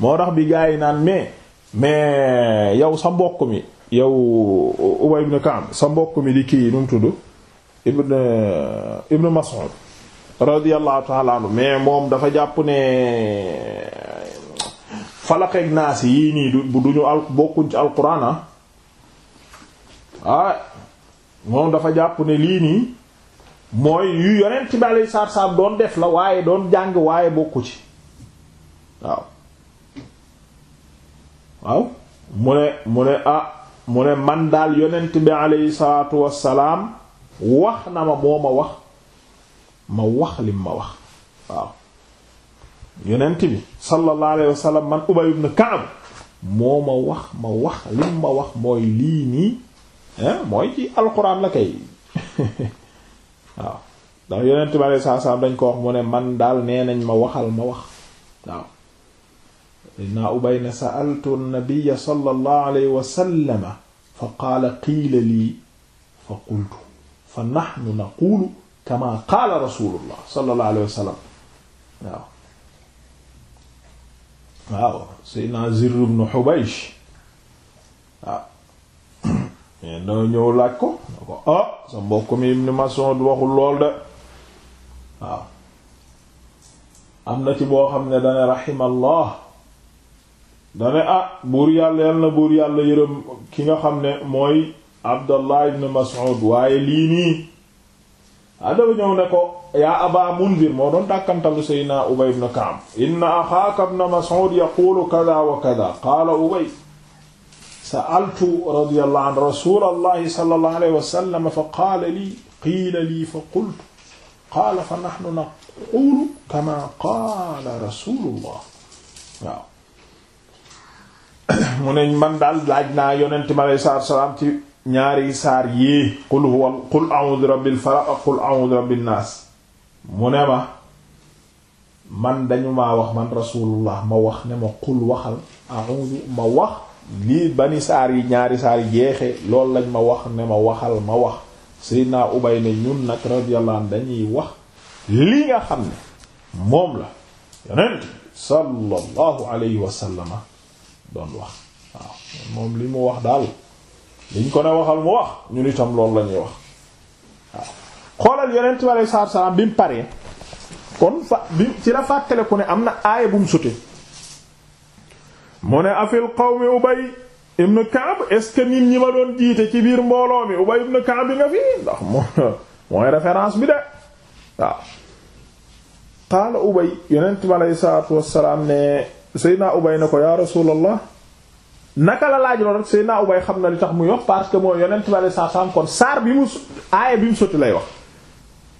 Speaker 1: moo tax bi gaa yi naan mais mais yow sa mbokk mi yow ubay ibn Ka'b sa mbokk mi di kii nu mu tudd ibn ibn Mas'ud radiyallahu mais moom dafa jàpp ne falaqeeg naas yii nii du duñu al bokkuñ ci alquran a ah. ah moom dafa jàpp ne lii nii mooy yu yonent bi alayhi salaatu salaam doon def la waaye doon jàng waaye bokku ci waaw waaw mu ne mu ne ah mu ne man daal yonent bi alayhi salaatu wassalaam wax na ma moo ma wax ma wax lim ma wax waaw yonent bi sallallahu alayhi wa sallam man Ubay ibn Ka'b moo ma wax ma wax lim ma wax mooy lii nii mooy ci alquran la kay waaw ndax yonent bi alayhi salaam dañ ko wax mu ne man daal nee nañ ma waxal ma wax waaw naa Ubay ne sa'altu an-nabiyya sallallahu alayhi wa sallam fa qaala qiila lii fa qultu fa nahnu naqulu kama qaala rasulullah sallallahu alayhi wa sallam waaw waaw Seydina Zirr ibn Hubaysh waaw ah. mais dana ñëw laaj ko na ko ah sa mbokk mi Ibn Mas'ud waxul lool de waaw am na ci boo xam ne dane rahimallah dane ah buur yàlla yal na buur yàlla yërëm ki nga xam ne mooy Abdallah ibn Mas'ud waaye lii nii ah dafa ñëw ne ko yaa aba mundir moo doon dàkkantalu seydina ubay ibn kaab inna axaaka ibn mas'ud yaqulu kada wa kada qaala ubay sa'altu radiyallahu an rasulallahi sallallahu alayhi wa sallam fa qaala lii qiila lii fa qultu qaala fa nahnu naqulu kama qaala rasulullah waaw mu ne man daal laaj naa yonente mi alayhi salaatu wa salaam ci ñaari saar yii qul huwa qul a'udhu rabbil falaq ak qul a'udhu rabbin nas mu ne ma man dañu maa wax man rasulullah ma wax ne ma qul waxal a'udhu ma wax lii bani saar yi ñaari saar yi lool loolu lañ ma wax ne ma waxal ma wax sayyidina ubay ne ñun nag radiyallahu anhu dañuy wax li nga xam ne moom la yonent sallallahu alayhi wa sallama doon wax waaw moom li mu wax daal liñ ko ne waxal mu wax ñun itam loolu la ñuy wax waaw xoolal yonent bi mu paree kon fa bi ci la fàttale ku ne am na aaya bu mu sute mu ne afil qawmi ubay ibn Kaab est nit ñi ma doon jiite ci biir mbooloo mi ubay ibn Kaab bi nga fii ndax mooy référence bi de waaw qaala ubay yonent bi aleyhi salaatu wassalaam ne Seydina ubay na ko ya rasulallah naka la laaj lool rek naa Ubay xam na li tax muy wax parce que mooy yonent bi alei satu salaam kon saar bi mu aaya bi mu sotti lay wax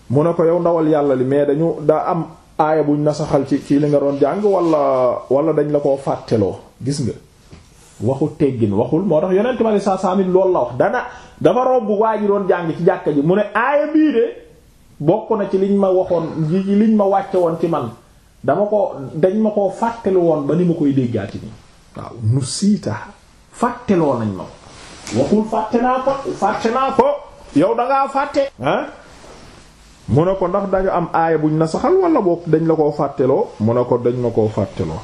Speaker 1: mu ne ko yow ndawal yàlla li mais dañu daa am aaya buñ nasaxal ci ci li nga doon jàng wala wala dañ la koo fàtteloo gis nga waxu teggin waxul moo tax yonent bi alei satu salaam it loolu la wax dana dafa robb waa ji doon jàng ci jàkka ji mu ne aaya bii de bokk na ci liñ ma waxoon ci liñ ma wàcce woon ci man dama ko dañ ma ko fàttali woon ba ni ma koy déggaati nii waaw nu siita fàtteloo nañ ma waxul fàtte naa ko fàtte naa ko yow dangaa fàtte ah mu ne ko ndax dañu am aaya buñ na saxal wala dañ la koo fàtteloo mu ne ko dañ ma koo fàtteloo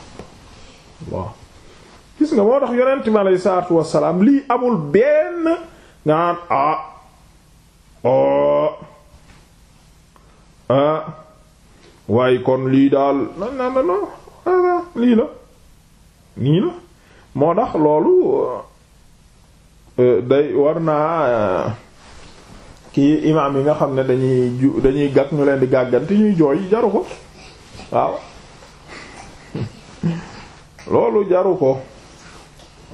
Speaker 1: waaw gis nga moo tax yonent mi aleyhi salaatu wassalaam lii amul benn nga naan ah oh waaye kon lii daal lii la nii la moo tax loolu euh, euh, day war naa kii imaam yi nga xam ne dañuy dañuy gàkk ñu leen di gàggante ñuy jooy jaru ko waaw loolu jaru ko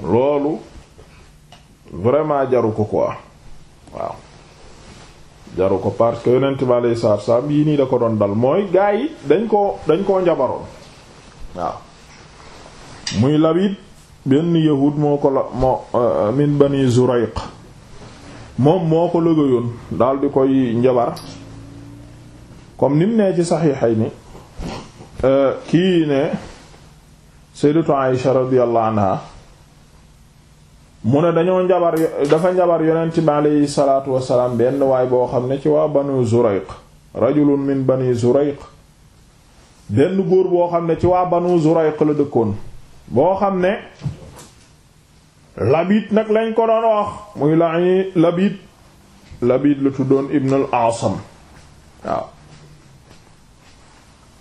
Speaker 1: loolu vraiment jaru ko quoi waaw jaru ko parce que yonent bi alayhi salaatu salaam yii nii da ko doon dal mooy gaa yi dañ koo dañ koo njabaroon waaw muy Labid benn yahud moo ko la moo euh, min bani Zurayq moom moo ko lëgëyoon daal di koy njabar comme nim nee ci ni euh, kii ne Sayyidatu Aïsha radiyallahu anha mu ne dañoo njabar dafa njabar yonent bi aleyhi salaatu wasalaam benn waay boo xam ne ci waa banu Zurayq rajulun min bani Zurayq benn góor boo xam ne ci waa banu Zurayq la dëkkoon boo xam ne labit nag lañ ko doon wax muy la labit labit la tuddoon ibn al waaw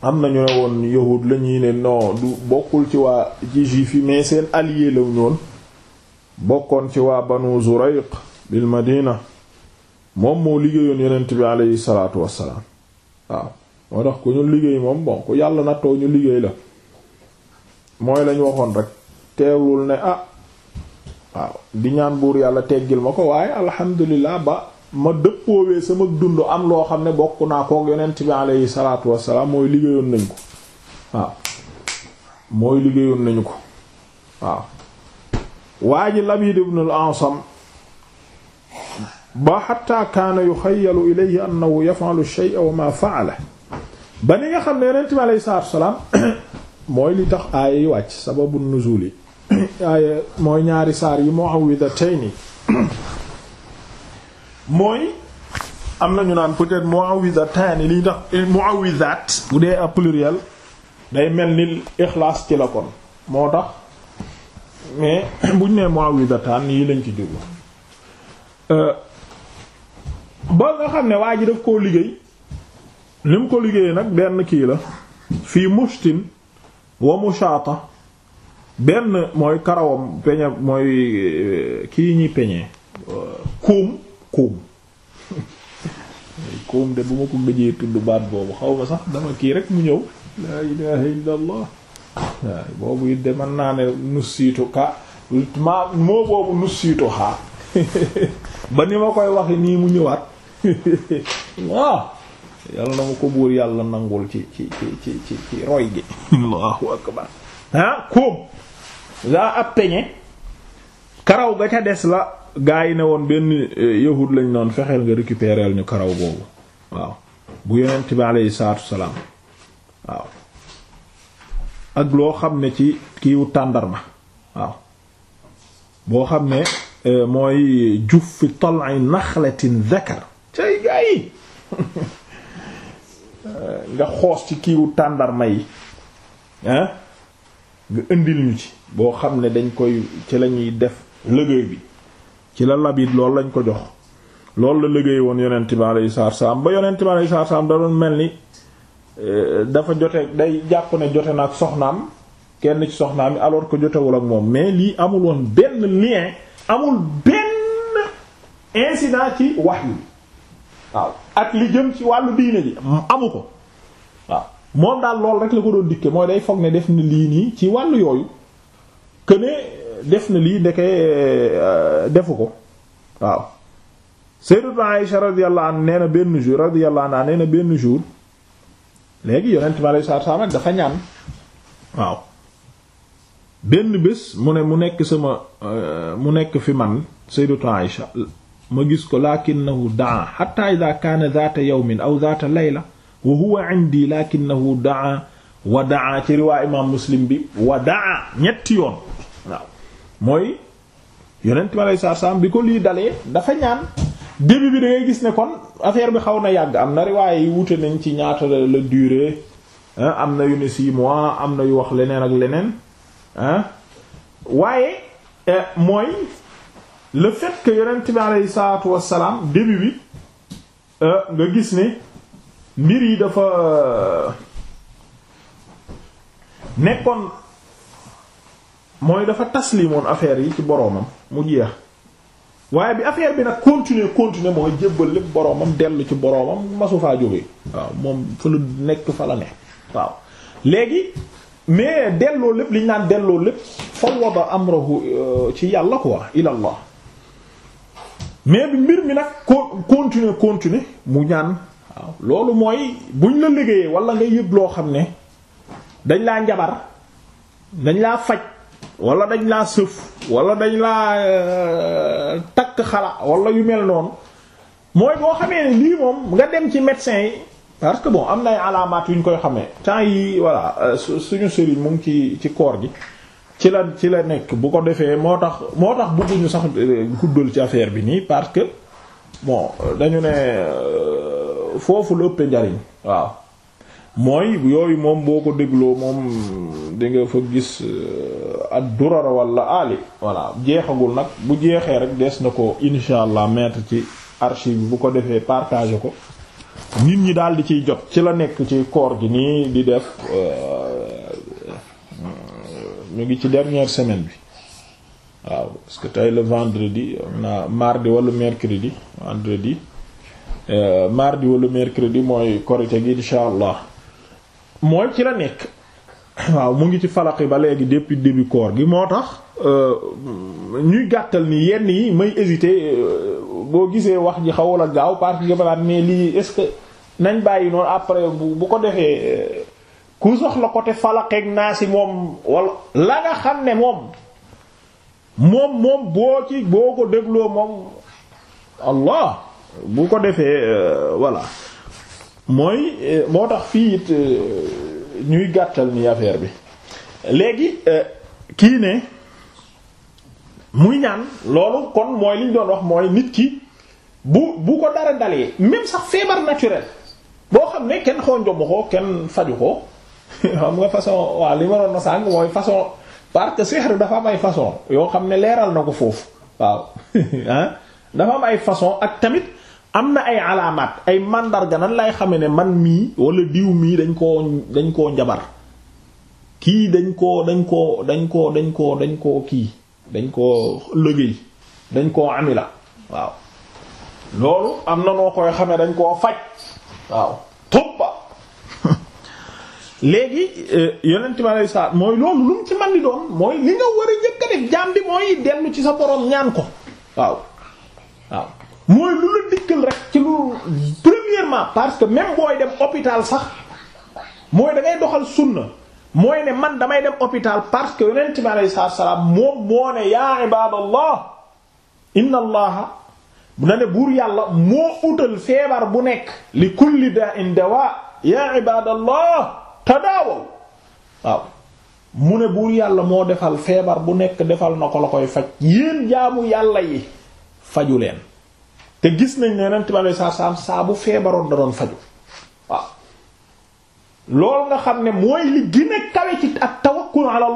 Speaker 1: am na ñu ne woon yahud la ñuy ne non du bokkul ci waa ci juif yi mais seen allié la ñoon bokkoon ci waa banu zurayq bil madina moom moo liggéeyoon yonent bi aleyhi salaatu wassalaam waaw moo tax ku ñu liggéey moom bon ku yàlla nattoo ñu liggéey la mooy lañu waxoon rek teewul ne ah waaw di ñaan buur yàlla teggil ma ko waaye alhamdulilah ba ma dëppoowee sama dund am loo xam ne bokk naa kook yonent bi aleyhi salaatu wassalaam mooy liggéeyoon nañu ko waaw mooy liggéeyoon nañu ko waaw waa ji Labiid ibn ba xatta kaana yuxayyalu ilayhi annahu yaf'alu shay'a wa ma fa'ala ba ni nga xam ne yonent bi aleyhi salaatu wassalaam mooy li tax aaya wàcc sababu nuzul yi mooy ñaari saar yi nii mooy am nañu naan peut-être muawwidatayni li tax eh, muawwidat bu dee a pluriel day mel ni ixlaas ci la kon moo tax mais buñ nee muawwidatan yi lañ ci jublu euh, ba nga xam ne waa ji daf koo liggéey li mu ko liggéeyee nag benn kii la fii mushtin wa mushaata benn mooy karawam peñe mooy eh, kii ñuy peñe eh, kuum kuum kuum de bu ma ko gëjee tudd baat boobu xaw ma sax dama kii rek mu ñëw laa ilaha illa allah boobu it de mën naa ne nus siitu ka moo boobu nus siitu xaa ba ni ma koy waxe nii mu ñëwaat waaw yàlla na ma ko buur yàlla nanguwul ci ci ci ci roy gi allahu akbar ah kóom gaa ab peñe karaw ga ca des la gaa yi ne woon benn eh, yahud lañ noon fexeel nga récupérer ñu karaw boobu waaw bu yonent bi aleyhi salaatu salaam waaw ak loo xam ne ci kiiwu tàndarma waaw boo xam ne eh, mooy juf fi tal'i naxlatin zakar cay gaa Euh, nga xoos ci kiiwu tàndarma yi ah indi indil ñu ci boo xam ne dañ koy ci lañuy def liggéey bi ci la labit loolu lañ ko jox loolu la liggéey woon yonent bi alayhi salaatu salaam ba yonent bi alayhi salaatu salaam da doon mel ni euh, dafa jote day jàpp ne jote na ak soxnaam kenn ci soxnaam yi alors ko jotewul ak moom mais lii amul woon benn lien amul benn incident ci wax yi waaw ak li jëm ci wàllu diine ji amu ko waaw moom daal lool rek la ko doon dikke mooy day foog ne def na lii nii ci wàllu yooyu que ne euh, def na lii ndeke euh, defu ko waaw Sayyidatu Aïsha radiyallahu anha nee na benn jour radiyallahu anha nee na benn jour léegi yonent mi alayhi salaatu salaam dafa ñaan waaw benn bés mu ne mu nekk sama euh, mu nekk fi man Sayyidatu Aïsha ma gis ko lakinnahu daa xatta ida kaana zaata yawmin aw zaata layla wa huwa indi lakinnahu daa wa daa muslim bi wa daa ñetti yoon mooy yonent mi alei satu salaam bi ko lii dalee dafa ñaan début bi da gis ne kon affaire bi xaw na yàgg am na riwaaye yi wute nañ ci ñaata la durée am na yu ne six am na yu wax leneen ak leneen ah waaye eh, mooy le fekk que yonent bi aleyhi salaatu wassalaam début bi euh, nga gis ni mbir yi dafa euh, nekkoon mooy dafa taslimoon affaire yi ci boroomam mu jeex waaye bi affaire bi nag continuer continuer mooy jébbal lépp boroomam dellu ci boroomam masu faa jógee waaw moom fa lu nekk fa la ne waaw léegi mais delloo lépp li ñu naan delloo lépp fawwada amrahu euh, ci yàlla ko quoi ilallah mais bi mbir mi nag ko continuer continuer mu ñaan waaw loolu mooy buñ la liggéeyee wala nga yëg loo xam ne dañ laa njabar dañ laa faj wala dañ laa sëf wala dañ laa euh, takk xala wala yu mel noonu mooy boo xamee ne lii moom nga dem ci médecin yi parce que bon am na ay alaamaat yu ñu koy xamee temps yi euh, su suñu sëriñ mu ngi ci ci koor gi ci la ci la nekk bu ko defee moo tax moo tax bëgguñu sax eh, guddal ci affaire bi nii parce que bon dañu ne euh, foofu la ëpp njariñ waaw mooy yooyu moom boo ko dégloo moom di nga fa gis euh, ak durara walla ali voilà jeexagul nag bu jeexee rek des na ko insha allah mettre ci archive bu ko defee partager ko nit ñi daal di ciy jot ci la nekk ci koor gi nii di def euh, mu ngi ci dernière semaine bi waaw parce que tey le vendredi na mardi wala mercredi vendredi euh, mardi wala mercredi mooy korite gi insha allah mooy ci la nekk waaw mu ngi ci falaqi ba léegi depuis début koor gi moo tax euh, ñuy gàttal ni yenn yi may hésiter euh, boo gisee wax ji xawala gaaw parce que gëmalaat mais lii est-ce que nañ bàyyi noonu après bu ko defee ku soxla côté falaqeeg naa si moom wala la nga xam ne moom moom moom boo ci boo ko dégloo moom allah bu ko defee euh, voilà mooy euh, moo tax fii it euh, ñuy gàttal ni affaire bi léegi kii ne muy ñaan loolu kon mooy li doon wax mooy nit ki bu bu ko dara dalee même sax feebar naturel boo xam ne kenn xonjom ko kenn faju ko xam nga façon waaw li ma doon na sàng mooy façon parce que dafa am ay façon yoo xam ne leeral na ko foofu waaw ah dafa am ay façon ak tamit am na ay alaamaat ay màndarga nan lay xame ne man mii wala diw mii dañ koo dañ koo njabar kii dañ koo dañ koo dañ koo dañ koo dañ koo kii dañ koo liggéey dañ koo amila waaw loolu am na noo koy xame dañ koo faj waaw tubba léegi euh, yonent bi mooy loolu lu ci man di doon mooy li nga war a njëkk a def jaam mooy dellu ci sa borom ñaan ko waaw mooy lu la dikkal rek ci lu premièrement parce que même booy dem hôpital sax mooy da ngay doxal sunna mooy man damay dem hôpital parce que yonent bi alayhi salaam moom moo ne yaa ibaadallah inna allaha na ne buur yàlla moo utal feebar bu nekk li kulli da'in dawa yaa ibaadallah tadaawaw waaw mu ne buur yàlla moo defal feebar bu nekk defal na ko la koy faj yéen jaamu yàlla yi faju leen te gis nañ ne ren tubaab saa saa saa bu feebaroon da doon faju waaw loolu nga xam ne mooy li gën a kawe ak tawakkul ala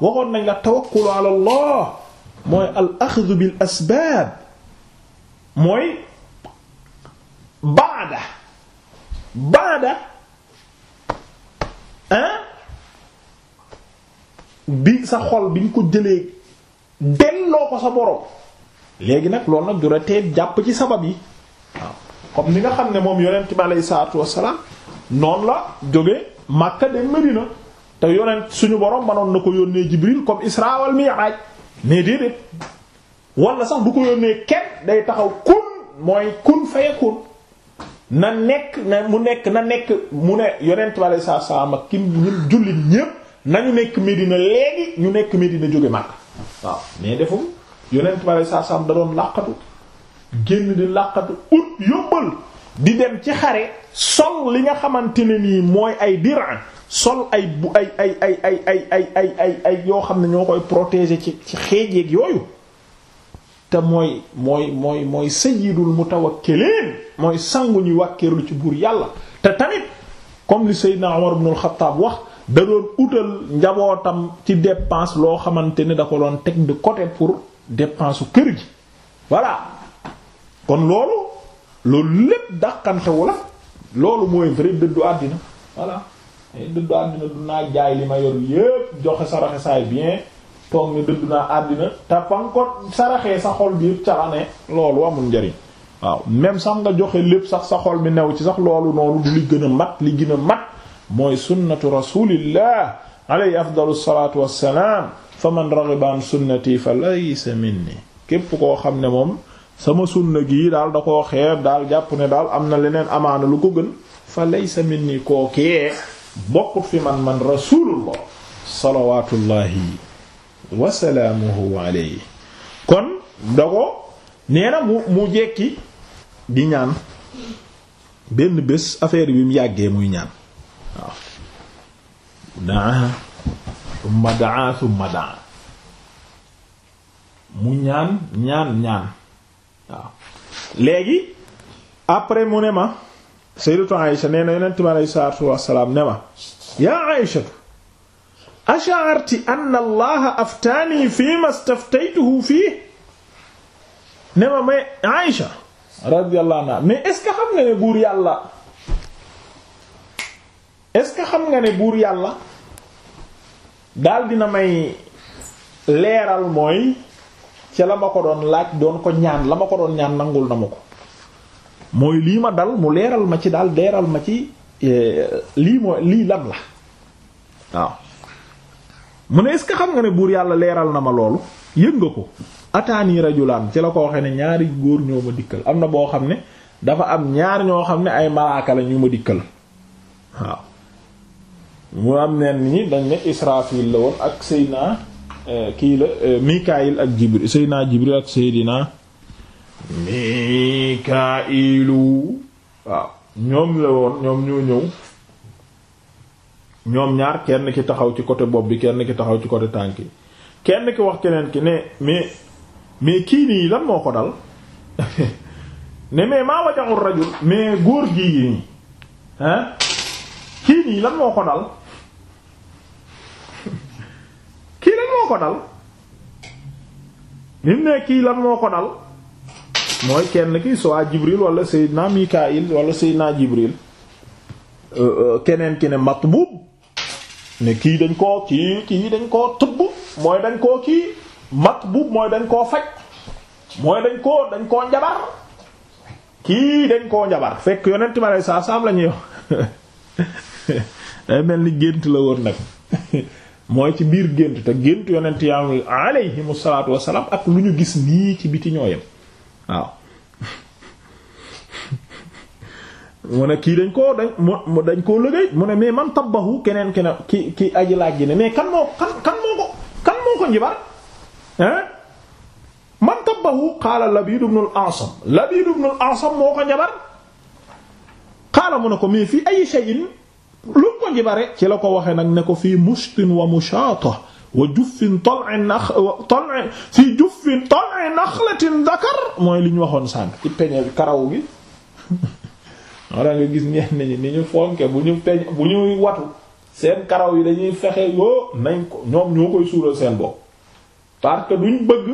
Speaker 1: waxoon nañ la tawakkul ala mooy al axdu asbaab mooy baada baada. hein bi sa xol bi ñu ko jëlee delloo ko sa borom léegi nag loolu nag du jàpp ci sabab yi waaw comme li nga xam ne moom yonent bi aleyhi salaatu wassalaam noonu la jóge Makka dem Medina te yonent suñu borom manoon na ko yónnee Jibril comme Isra mi Mi'raj mais déedéet wala sax du ko yónnee kenn day taxaw kun mooy kun fayakun na nekk na mu nekk na nekk mu ne yonent bi sa saatu salaam ak kim ñun jullit ñépp nañu nekk Medina léegi ñu nekk Medina jóge màkk waaw mais defum yonent bi alei saatu salaam da doon làqatu génn di làqatu ut yóbbal di dem ci xare sol li nga xamante ne nii mooy ay diran sol ay bu ay ay ay ay ay ay ay ay ay yoo xam ne ñoo koy protéger ci ci xeej yooyu te mooy mooy mooy mooy sayyidul mutawakkiliin mooy sangu ñu wàkkeerlu ci buur yàlla te tamit comme li Seydina Umar ibn al-Khattab wax da doon utal njabootam ci dépense loo xamante ne da ko doon teg de côté pour dépense su kër gi voilà kon loolu loolu lépp dàqantewu la loolu mooy vrai dëddu àddina voilà dëddu àddina du naa jaay li ma yor yépp joxe saraxe saay bien toog ne dëdd naa àddina te fa nga ko saraxee sa xol bi yëpp ca ne loolu amul njariñ waaw même sax nga joxe lépp sax sa xol bi new ci sax loolu noonu du li gën a mat li gën a mat mooy sunnatu rasulillah alayhi afdalu salaatu wassalaam fa man raghiba an sunnati fa laysa minni képp koo xam ne moom sama sunna gii daal da koo xeeb daal jàpp ne daal am na leneen amaana lu ko gën fa laysa minni kookee bokkut fi man man rasulullah salawatullahi wa alayhi kon dogo nee na mu mu jekki di ñaan benn bés affaire bi mu yàggee muy ñaan waaw daa summa daa mu ñaan ñaan ñaan waaw léegi après mu ne ma sayyidatu Aïsha nee na yonent mi alayhi salaatu wassalaam ne ma yaa Aïshatu ash'arti anna allaha aftaani fi ma staftaytuhu fii ne ma may Aïcha radiyallahu anha mais est-ce que xam nga ne buur yàlla est-ce que xam nga ne buur yàlla daal dina may leeral mooy ci la ma ko doon laaj doon ko ñaan la ma ko doon ñaan nangul na ma ko mooy lii ma dal mu leeral ma ci daal leeral ma ci eh, lii mooy lii lam la waaw mu ne est-ce que xam nga ne buur yàlla leeral na ma loolu yëg nga ko ataani rajulaan ci la ko waxee ne ñaari góor ñoo ma dikkal am na boo xam ne dafa am ñaar ñoo xam ne ay malaaka la ñu ma dikkal waaw mu am eh, kii la eh, Mikaayil ak Jibril Seydina Jibril ak Seydina waaw ñoom la woon ñoom ñoo ñëw ñoom ñaar kenn ki taxaw ci côté bopp bi kenn ki taxaw ci côté tànk yi kenn ki wax keneen ki ne mais mais kii nii lan moo ko dal ne mais maa wajaxul mais góor gii nii hein kii nii lan moo ko kii lan moo ko mooy kenn ki soit Jibril wala Seydina Mikail wala Seydina Jibril euh, euh, keneen ki ne matbuub ne kii dañ koo kii kii dañ koo tëbb mooy dañ koo kii matbub mooy dañ koo faj mooy dañ koo dañ koo njabar kii dañ koo njabar fekk yonent ma lay saa saam la ñuy day mel ni gént la woon nag mooy ci biir gént te gént yonent yaa alayhimu salaatu wassalaam ak lu ñu gis nii ci biti ñoo yem waaw mu ne kii dañ koo dañ mu dañ koo liggéey mu ne mais man tabbahu keneen keneen ki ki aji laaj ji ne mais kan moo kan kan moo ko kan moo ko njibar hein man tabbahu qaala Labiid ibn al Labiid ibn al moo ko njabar qaala mu ne ko mais fii ay shay'in lu ko njibare ci la ko waxee nag ne ko fii mushtin wa mushaata wa juffin tal'in nakh tal'in fii juffin tal'in nakhlatin dhakar mooy li ñu waxoon sànq ci peñe karaw gi maanaam nga gis ñenn ñi ni ñu fonke bu ñu peñ bu ñuy watu seen karaw yi dañuy fexe yoo nañ ko ñoom ñoo koy suural seen bopp parce que duñ bëgg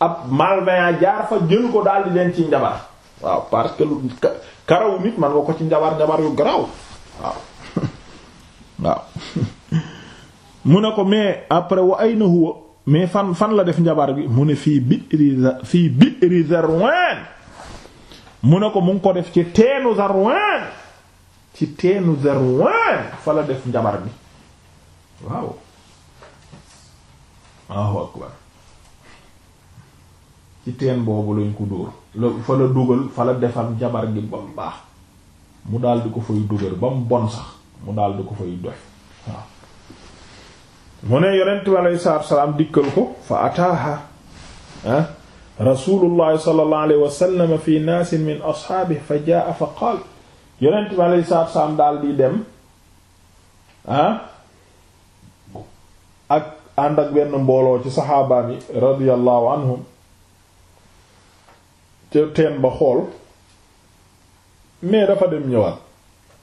Speaker 1: ab malveillant jaar fa jël ko daal leen ci njabar waaw parce que lu karawu nit man nga ko ci njabar njabar yu garaw waaw waaw mu ne ko mais après wa ay na huwa mais fan fan la def njabar bi mu ne fii bi'ri fii bi'ri Zarwan mu ne ko mu ngi ko def ci teenu Zarwan ci teenu Zarwan fa la def njabar bi waaw ci teen boobu lañ ko dóor la fa la dugal fa la defar njabar gi ba mu baax mu daldi di ko fay dugal ba mu bon sax mu daal di ko fay doy waaw mu ne yonent bi aleyhi salaatu wa salaam dikkal ko fa ataaha ah rasulullahi sallallahu alayhi wa sallam fi naasin min asxaabihi fa jaa fa qaal yonent alayhi salaatu salaam daal di dem ah ak ànd ak benn mbooloo ci saxaabaan yi radiyallahu anhum teen ba xool mais dafa dem ñëwaat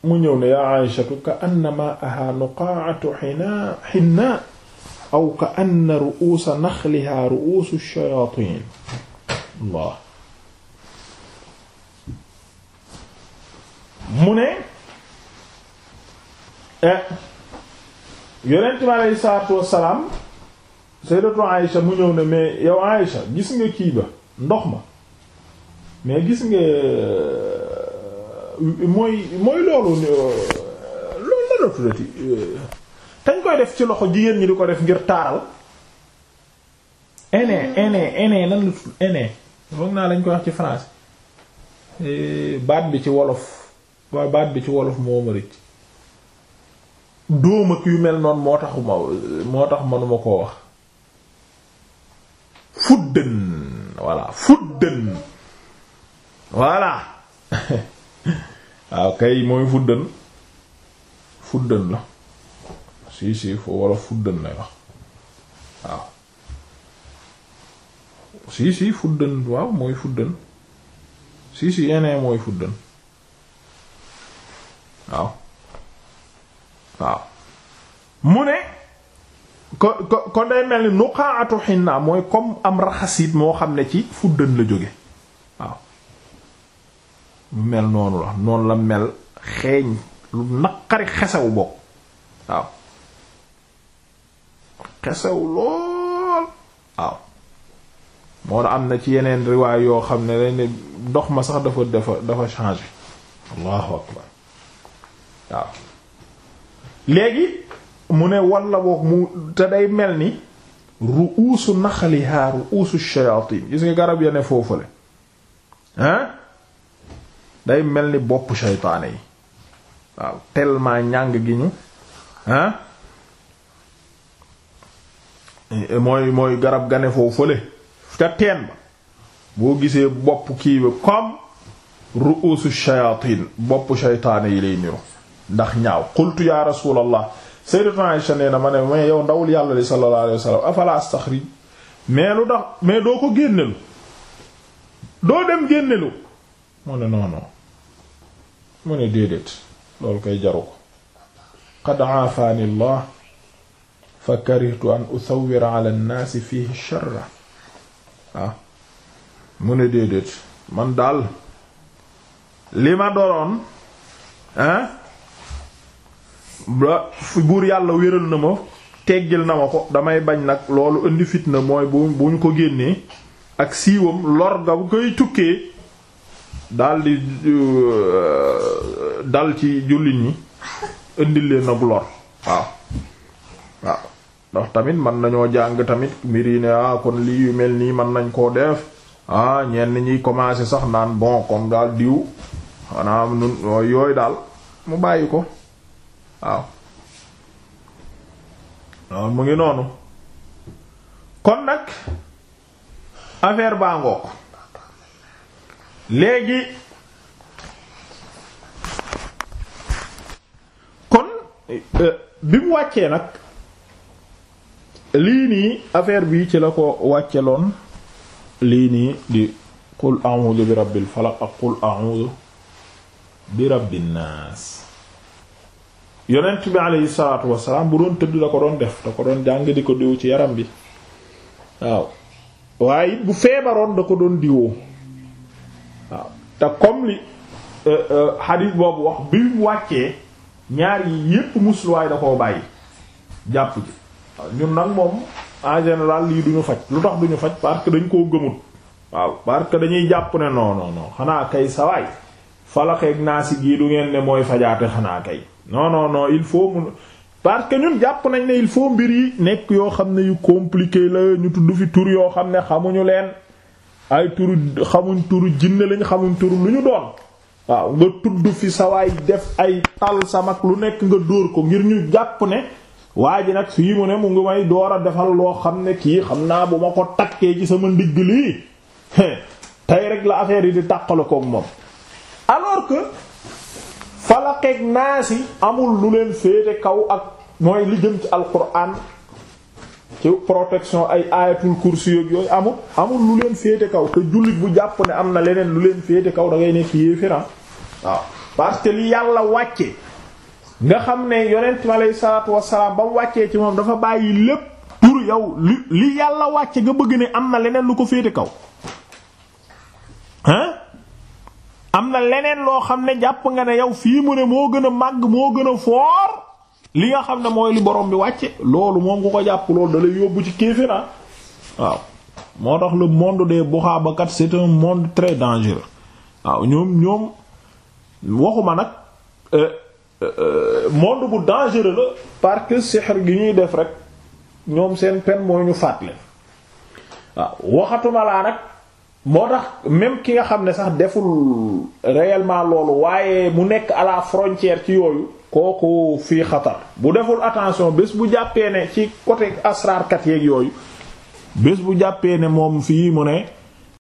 Speaker 1: mu ñëw ne yaa Aysatu ka annama ahaa nuqaa'atu hinaa hinaa aw ka anna ru'uusa naxlihaa ru'uusu Allah mu ne eh, yonent bi aleyhi salaatu wassalaam sayyidatu Aïsha mu ñëw ne mais yow Aïsha gis nga kii ndox ma mais gis nga euh, mooy mooy loolu euh, loolu la doon euh, kañ koy def ci loxo jigéen ñi di ko def ngir taaral aîné aîné aîné nan la naa lañ koy wax ci français eh, baat bi ci wolof waaw baat bi ci wolof moo ma rëcc dóom yu mel noonu moo taxu moo tax manuma koo wax fuddën voilà fuddën voilà waaw kay mooy fuddën fuddën la si si foo wala fuddën lay wax waaw si si fuddën waaw mooy fuddën si si enee mooy fuddën waaw waaw mu ne ko ko ko day mel ni nuqaatu xinna mooy comme am raxasit moo xam ne ci fuddën la jóge waaw mel noonu la noonu la mel xeeñ lu naqari xesaw bokk waaw xesew lool waaw moo am na ci yeneen riwaay yoo xam ne dañ ne ndox ma sax dafa dafa dafa changé allahu akbar waaw léegi mu ne walla boog mu te day mel ni ru'uusu naxlihaa ru'uusu shayaatin gis nga garab ya ne foofule hein day mel ni bopp shaytaane yi waaw tellement ñàng gi ñu hein Eh, mooy mooy garab gane foofu fële te teen ba boo gisee bopp kii bi comme ru'usu shayatin bopp shaytaane yi lay niru ndax ñaaw qultu ya rasulallah sayyidatuna Aisha nee na ma ne mais yow ndawul yàlla li sallallahu alayhi wasallam afala lu tax mais doo ko génnelu doo dem génnelu mu ne non mu ne déedéet loolu koy jaru ko qad aafaani Allah fa karihtu an usawwira ala nnaasi fihi sharra waaw mu ne déedéet man daal li ma doroon hein ba buur yàlla wéral na ma teggil na ma ko damay bañ nag loolu indi fitna mooy bu bu ñu ko génnee ak siiwam lor nga bu koy tukkee daldi euh, dal ci jullit ñi indil leen ak lor waaw waaw ndax tamit man nañoo jàng tamit mbir yi ne ah kon lii yu mel nii man nañ koo def ah ñenn ñi commencé sax naan bon kon daal diw xanaa yooyu daal mu bàyyi ko waaw mu ngi noonu kon nag affaire baa ngook léegi kon eh, bi mu wàccee nag lii nii affaire bi ci la ko wàcceloon lii nii di qul a'udhu bi rabbil falaq ak qul a'udhu bi rabbin naas yonent bi aleyhi salaatu wasalaam bu doon tëdd da ko doon def da ko doon jàng di ko diw ci yaram bi waaw waaye it bu feebaroon da ko doon diwoo waaw te comme li xadiis euh, euh, boobu wax bi mu wàccee ñaar yi yépp musluwaay da koo bàyyi jàpp ji ñun nag moom en général lii duñu faj lu tax duñu faj parce que dañ koo gëmut waaw parce que dañuy jàpp ne non xanaa kay sawaay falaxeeg naa si gii du ngeen ne mooy fajaate xanaa kay non non il faut mu parce que ñun jàpp nañ ne il faut mbir yi nekk yoo xam ne yu compliqué la ñu tudd fi tur yoo xam ne xamuñu leen ay turu xamuñ turu jinne lañ xamuñ turu lu ñu doon waaw nga tudd fi sawaay def ay tal samak lu nekk nga dóor ko ngir ñu jàpp ne waa ji nag fii mu ne mu ngi may door a defal loo xam ne kii xam naa bu ma ko takkee ci sama ndigg lii tey rek la affaire yi di tàqale koog moom alors que falaqeeg naasi amul lu leen féete kaw ak mooy li jëm ci alquran ci protection ay ayatul kursi yooyu amul amul lu leen féete kaw te jullit bu jàpp ne am na leneen lu leen féete kaw da ngay nekk yéeféran ah. waaw parce li yàlla wàcce nga xam ne yonent mi aleyhi salaatu wasalaam ba wàccee ci moom dafa bàyyi lépp pour yow li li yàlla wàcce nga bëgg ni am na leneen lu ko féete kaw hein am na leneen loo xam ne jàpp nga ne yow fii mu ne moo gën a màgg moo gën a foor li nga xam ne mooy li borom bi wàcce loolu moom ku ko jàpp loolu da yóbbu ci kéefira waaw moo tax le monde des buxaabakat c'est un monde très dangereux waaw ñoom ñoom waxuma nag euh, Euh, monde bu dangereux la parce que sihr gi ñuy def rek ñoom seen peine mooy ñu faat leen waaw waxatuma laa nag moo tax même ki nga xam ne sax deful réellement loolu waaye mu nekk à la frontière ci yooyu kooku fii xatar bu deful attention bés bu jàppee ne ci côté asraarkat yeeg yooyu bés bu jàppee ne moom fii mu ne